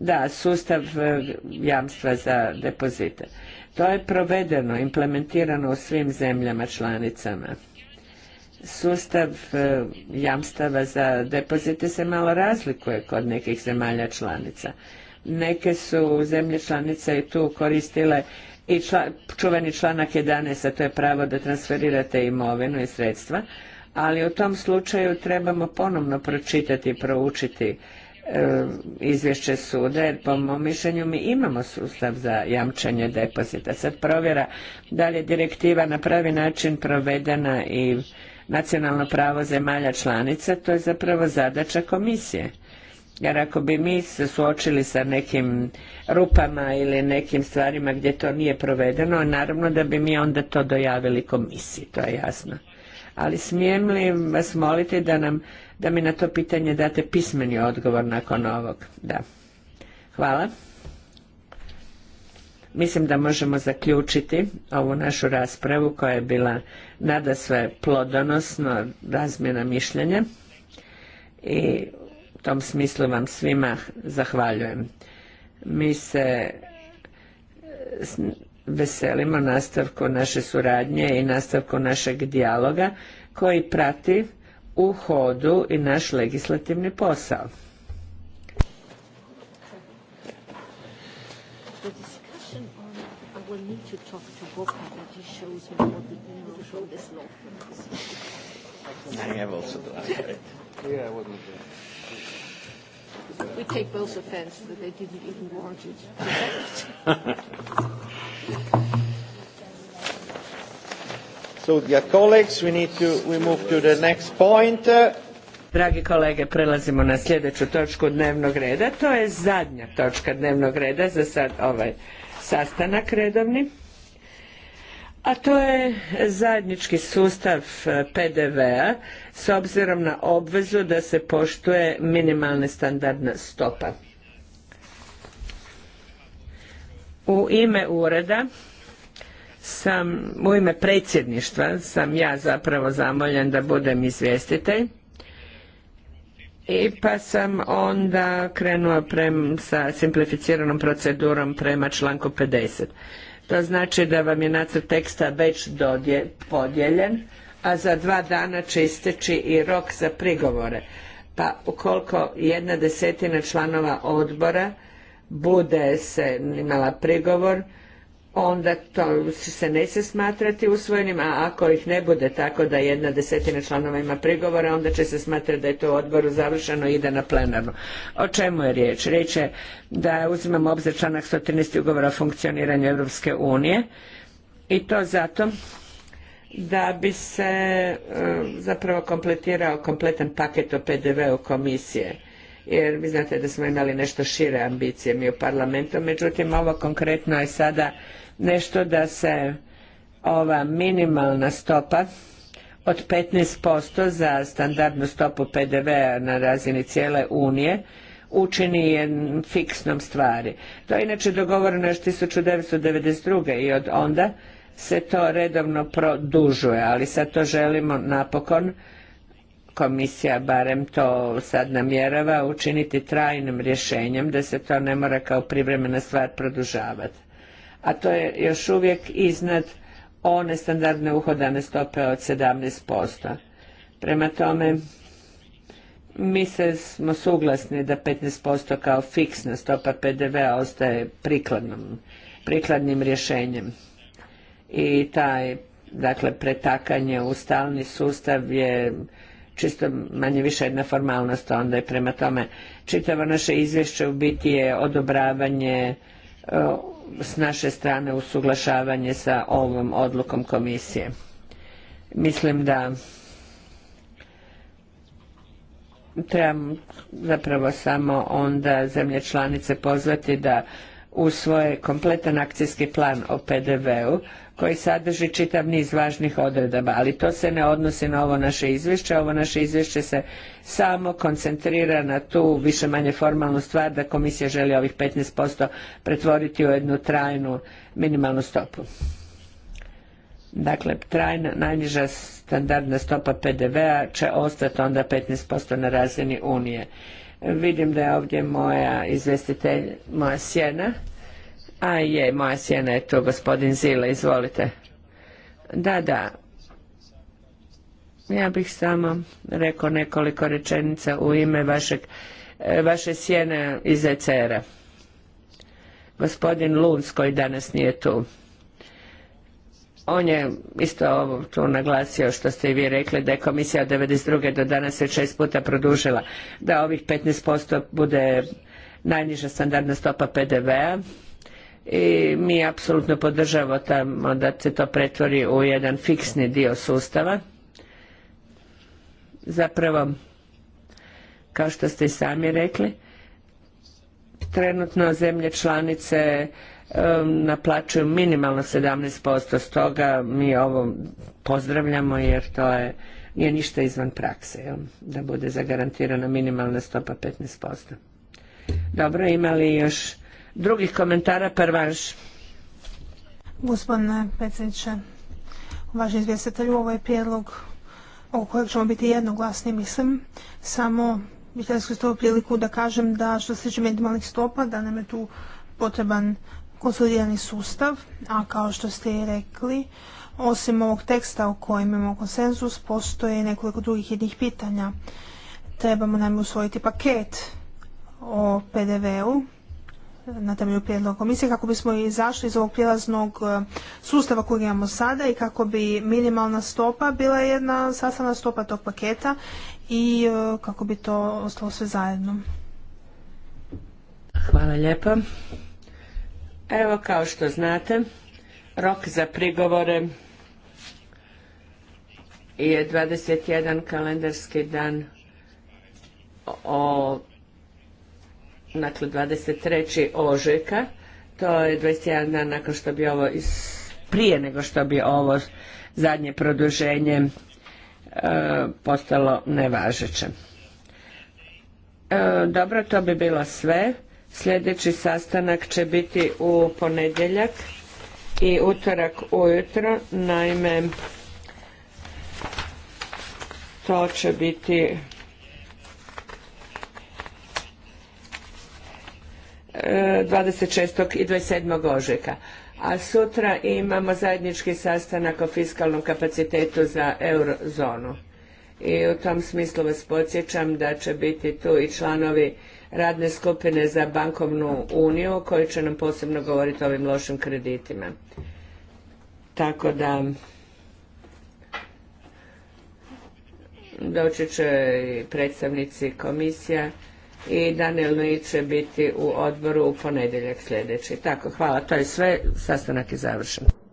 A: Da, sustav e, jamstva za depozite. To je provedeno, implementirano u svim zemljama članicama. Sustav e, jamstava za depozite se malo razlikuje kod nekih zemalja članica. Neke su zemlje članice i tu koristile i čuveni članak 11, a to je pravo da transferirate imovinu i sredstva, ali u tom slučaju trebamo ponovno pročitati i proučiti E, izvješće suda, jer po mom mišljenju mi imamo sustav za jamčanje depozita. Sad provjera da li je direktiva na pravi način provedena i nacionalno pravo zemalja članica, to je zapravo zadaća komisije. Jer ako bi mi se suočili sa nekim rupama ili nekim stvarima gdje to nije provedeno, naravno da bi mi onda to dojavili komisiji, to je jasno. Ali smijem li vas moliti da nam da mi na to pitanje date pismeni odgovor nakon ovog. Da. Hvala. Mislim da možemo zaključiti ovu našu raspravu koja je bila nada sve plodonosno razmjena mišljenja i u tom smislu vam svima zahvaljujem. Mi se veselimo nastavku naše suradnje i nastavku našeg dijaloga koji prati u hodu i naš legislativni posao. Dragi kolege, prelazimo na sljedeću točku dnevnog reda. To je zadnja točka dnevnog reda za sad ovaj sastanak redovni. A to je zajednički sustav eh, PDV-a s obzirom na obvezu da se poštuje minimalna standardna stopa. U ime ureda sam u ime predsjedništva sam ja zapravo zamoljen da budem izvjestitelj i pa sam onda krenuo sa simplificiranom procedurom prema članku 50. To znači da vam je nacrt teksta već dodje, podijeljen, a za dva dana će isteći i rok za prigovore. Pa ukoliko jedna desetina članova odbora bude se imala prigovor, onda to se neće smatrati usvojenim, a ako ih ne bude tako da jedna desetina članova ima prigovora, onda će se smatrati da je to u odboru završeno i ide na plenarno. O čemu je riječ? Riječ je da uzimamo obzir članak 113. ugovora o funkcioniranju Europske unije i to zato da bi se e, zapravo kompletirao kompletan paket o PDV-u komisije jer vi znate da smo imali nešto šire ambicije mi u parlamentu, međutim ovo konkretno je sada nešto da se ova minimalna stopa od 15% za standardnu stopu PDV-a na razini cijele Unije učini je fiksnom stvari. To je inače dogovoreno još 1992. i od onda se to redovno produžuje, ali sad to želimo napokon komisija barem to sad namjerava učiniti trajnim rješenjem da se to ne mora kao privremena stvar produžavati. A to je još uvijek iznad one standardne uhodane stope od 17%. Prema tome, mi se smo suglasni da 15% kao fiksna stopa PDV-a ostaje prikladnom, prikladnim rješenjem. I taj, dakle, pretakanje u stalni sustav je čisto manje više jedna formalnost onda je prema tome čitavo naše izvješće u biti je odobravanje e, s naše strane usuglašavanje sa ovom odlukom komisije. Mislim da trebam zapravo samo onda zemlje članice pozvati da usvoje kompletan akcijski plan o PDV-u koji sadrži čitav niz važnih odredaba, ali to se ne odnosi na ovo naše izvješće. Ovo naše izvješće se samo koncentrira na tu više manje formalnu stvar da komisija želi ovih 15% pretvoriti u jednu trajnu minimalnu stopu. Dakle, trajna najniža standardna stopa PDV-a će ostati onda 15% na razini Unije. Vidim da je ovdje moja izvjestitelj, moja sjena, a je, moja sjena je tu, gospodin Zila, izvolite. Da, da. Ja bih samo rekao nekoliko rečenica u ime vašeg, e, vaše sjene iz ECR-a. Gospodin Luns koji danas nije tu. On je isto ovo tu naglasio što ste i vi rekli da je komisija od 92. do danas se šest puta produžila da ovih 15% bude najniža standardna stopa PDV-a i mi apsolutno podržavamo tamo da se to pretvori u jedan fiksni dio sustava. Zapravo, kao što ste i sami rekli, trenutno zemlje članice naplaćuju minimalno 17%, stoga mi ovo pozdravljamo jer to je nije ništa izvan prakse, da bude zagarantirana minimalna stopa 15%. Dobro, imali još drugih komentara Pervanš.
B: Gospodine predsjedniče, važni izvjestitelju, ovo je prijedlog o kojeg ćemo biti jednoglasni, mislim. Samo bih htjela iskoristiti priliku da kažem da što se tiče minimalnih stopa, da nam je tu potreban konsolidirani sustav, a kao što ste i rekli, osim ovog teksta o kojem imamo konsenzus, postoje nekoliko drugih jednih pitanja. Trebamo nam usvojiti paket o PDV-u, na temelju prijedloga komisije kako bismo izašli iz ovog prijelaznog e, sustava kojeg imamo sada i kako bi minimalna stopa bila jedna sastavna stopa tog paketa i e, kako bi to ostalo sve zajedno.
A: Hvala lijepa. Evo kao što znate, rok za prigovore je 21 kalendarski dan o dakle 23. ožujka, to je 21 dan nakon što bi ovo iz, prije nego što bi ovo zadnje produženje e, postalo nevažeće. E, dobro, to bi bilo sve. Sljedeći sastanak će biti u ponedjeljak i utorak ujutro, naime to će biti 26. E, i 27. ožujka. A sutra imamo zajednički sastanak o fiskalnom kapacitetu za eurozonu. I u tom smislu vas podsjećam da će biti tu i članovi radne skupine za bankovnu uniju koji će nam posebno govoriti o ovim lošim kreditima. Tako da doći će i predstavnici komisija i Daniel će biti u odboru u ponedjeljak sljedeći. Tako, hvala, to je sve, sastanak je završen.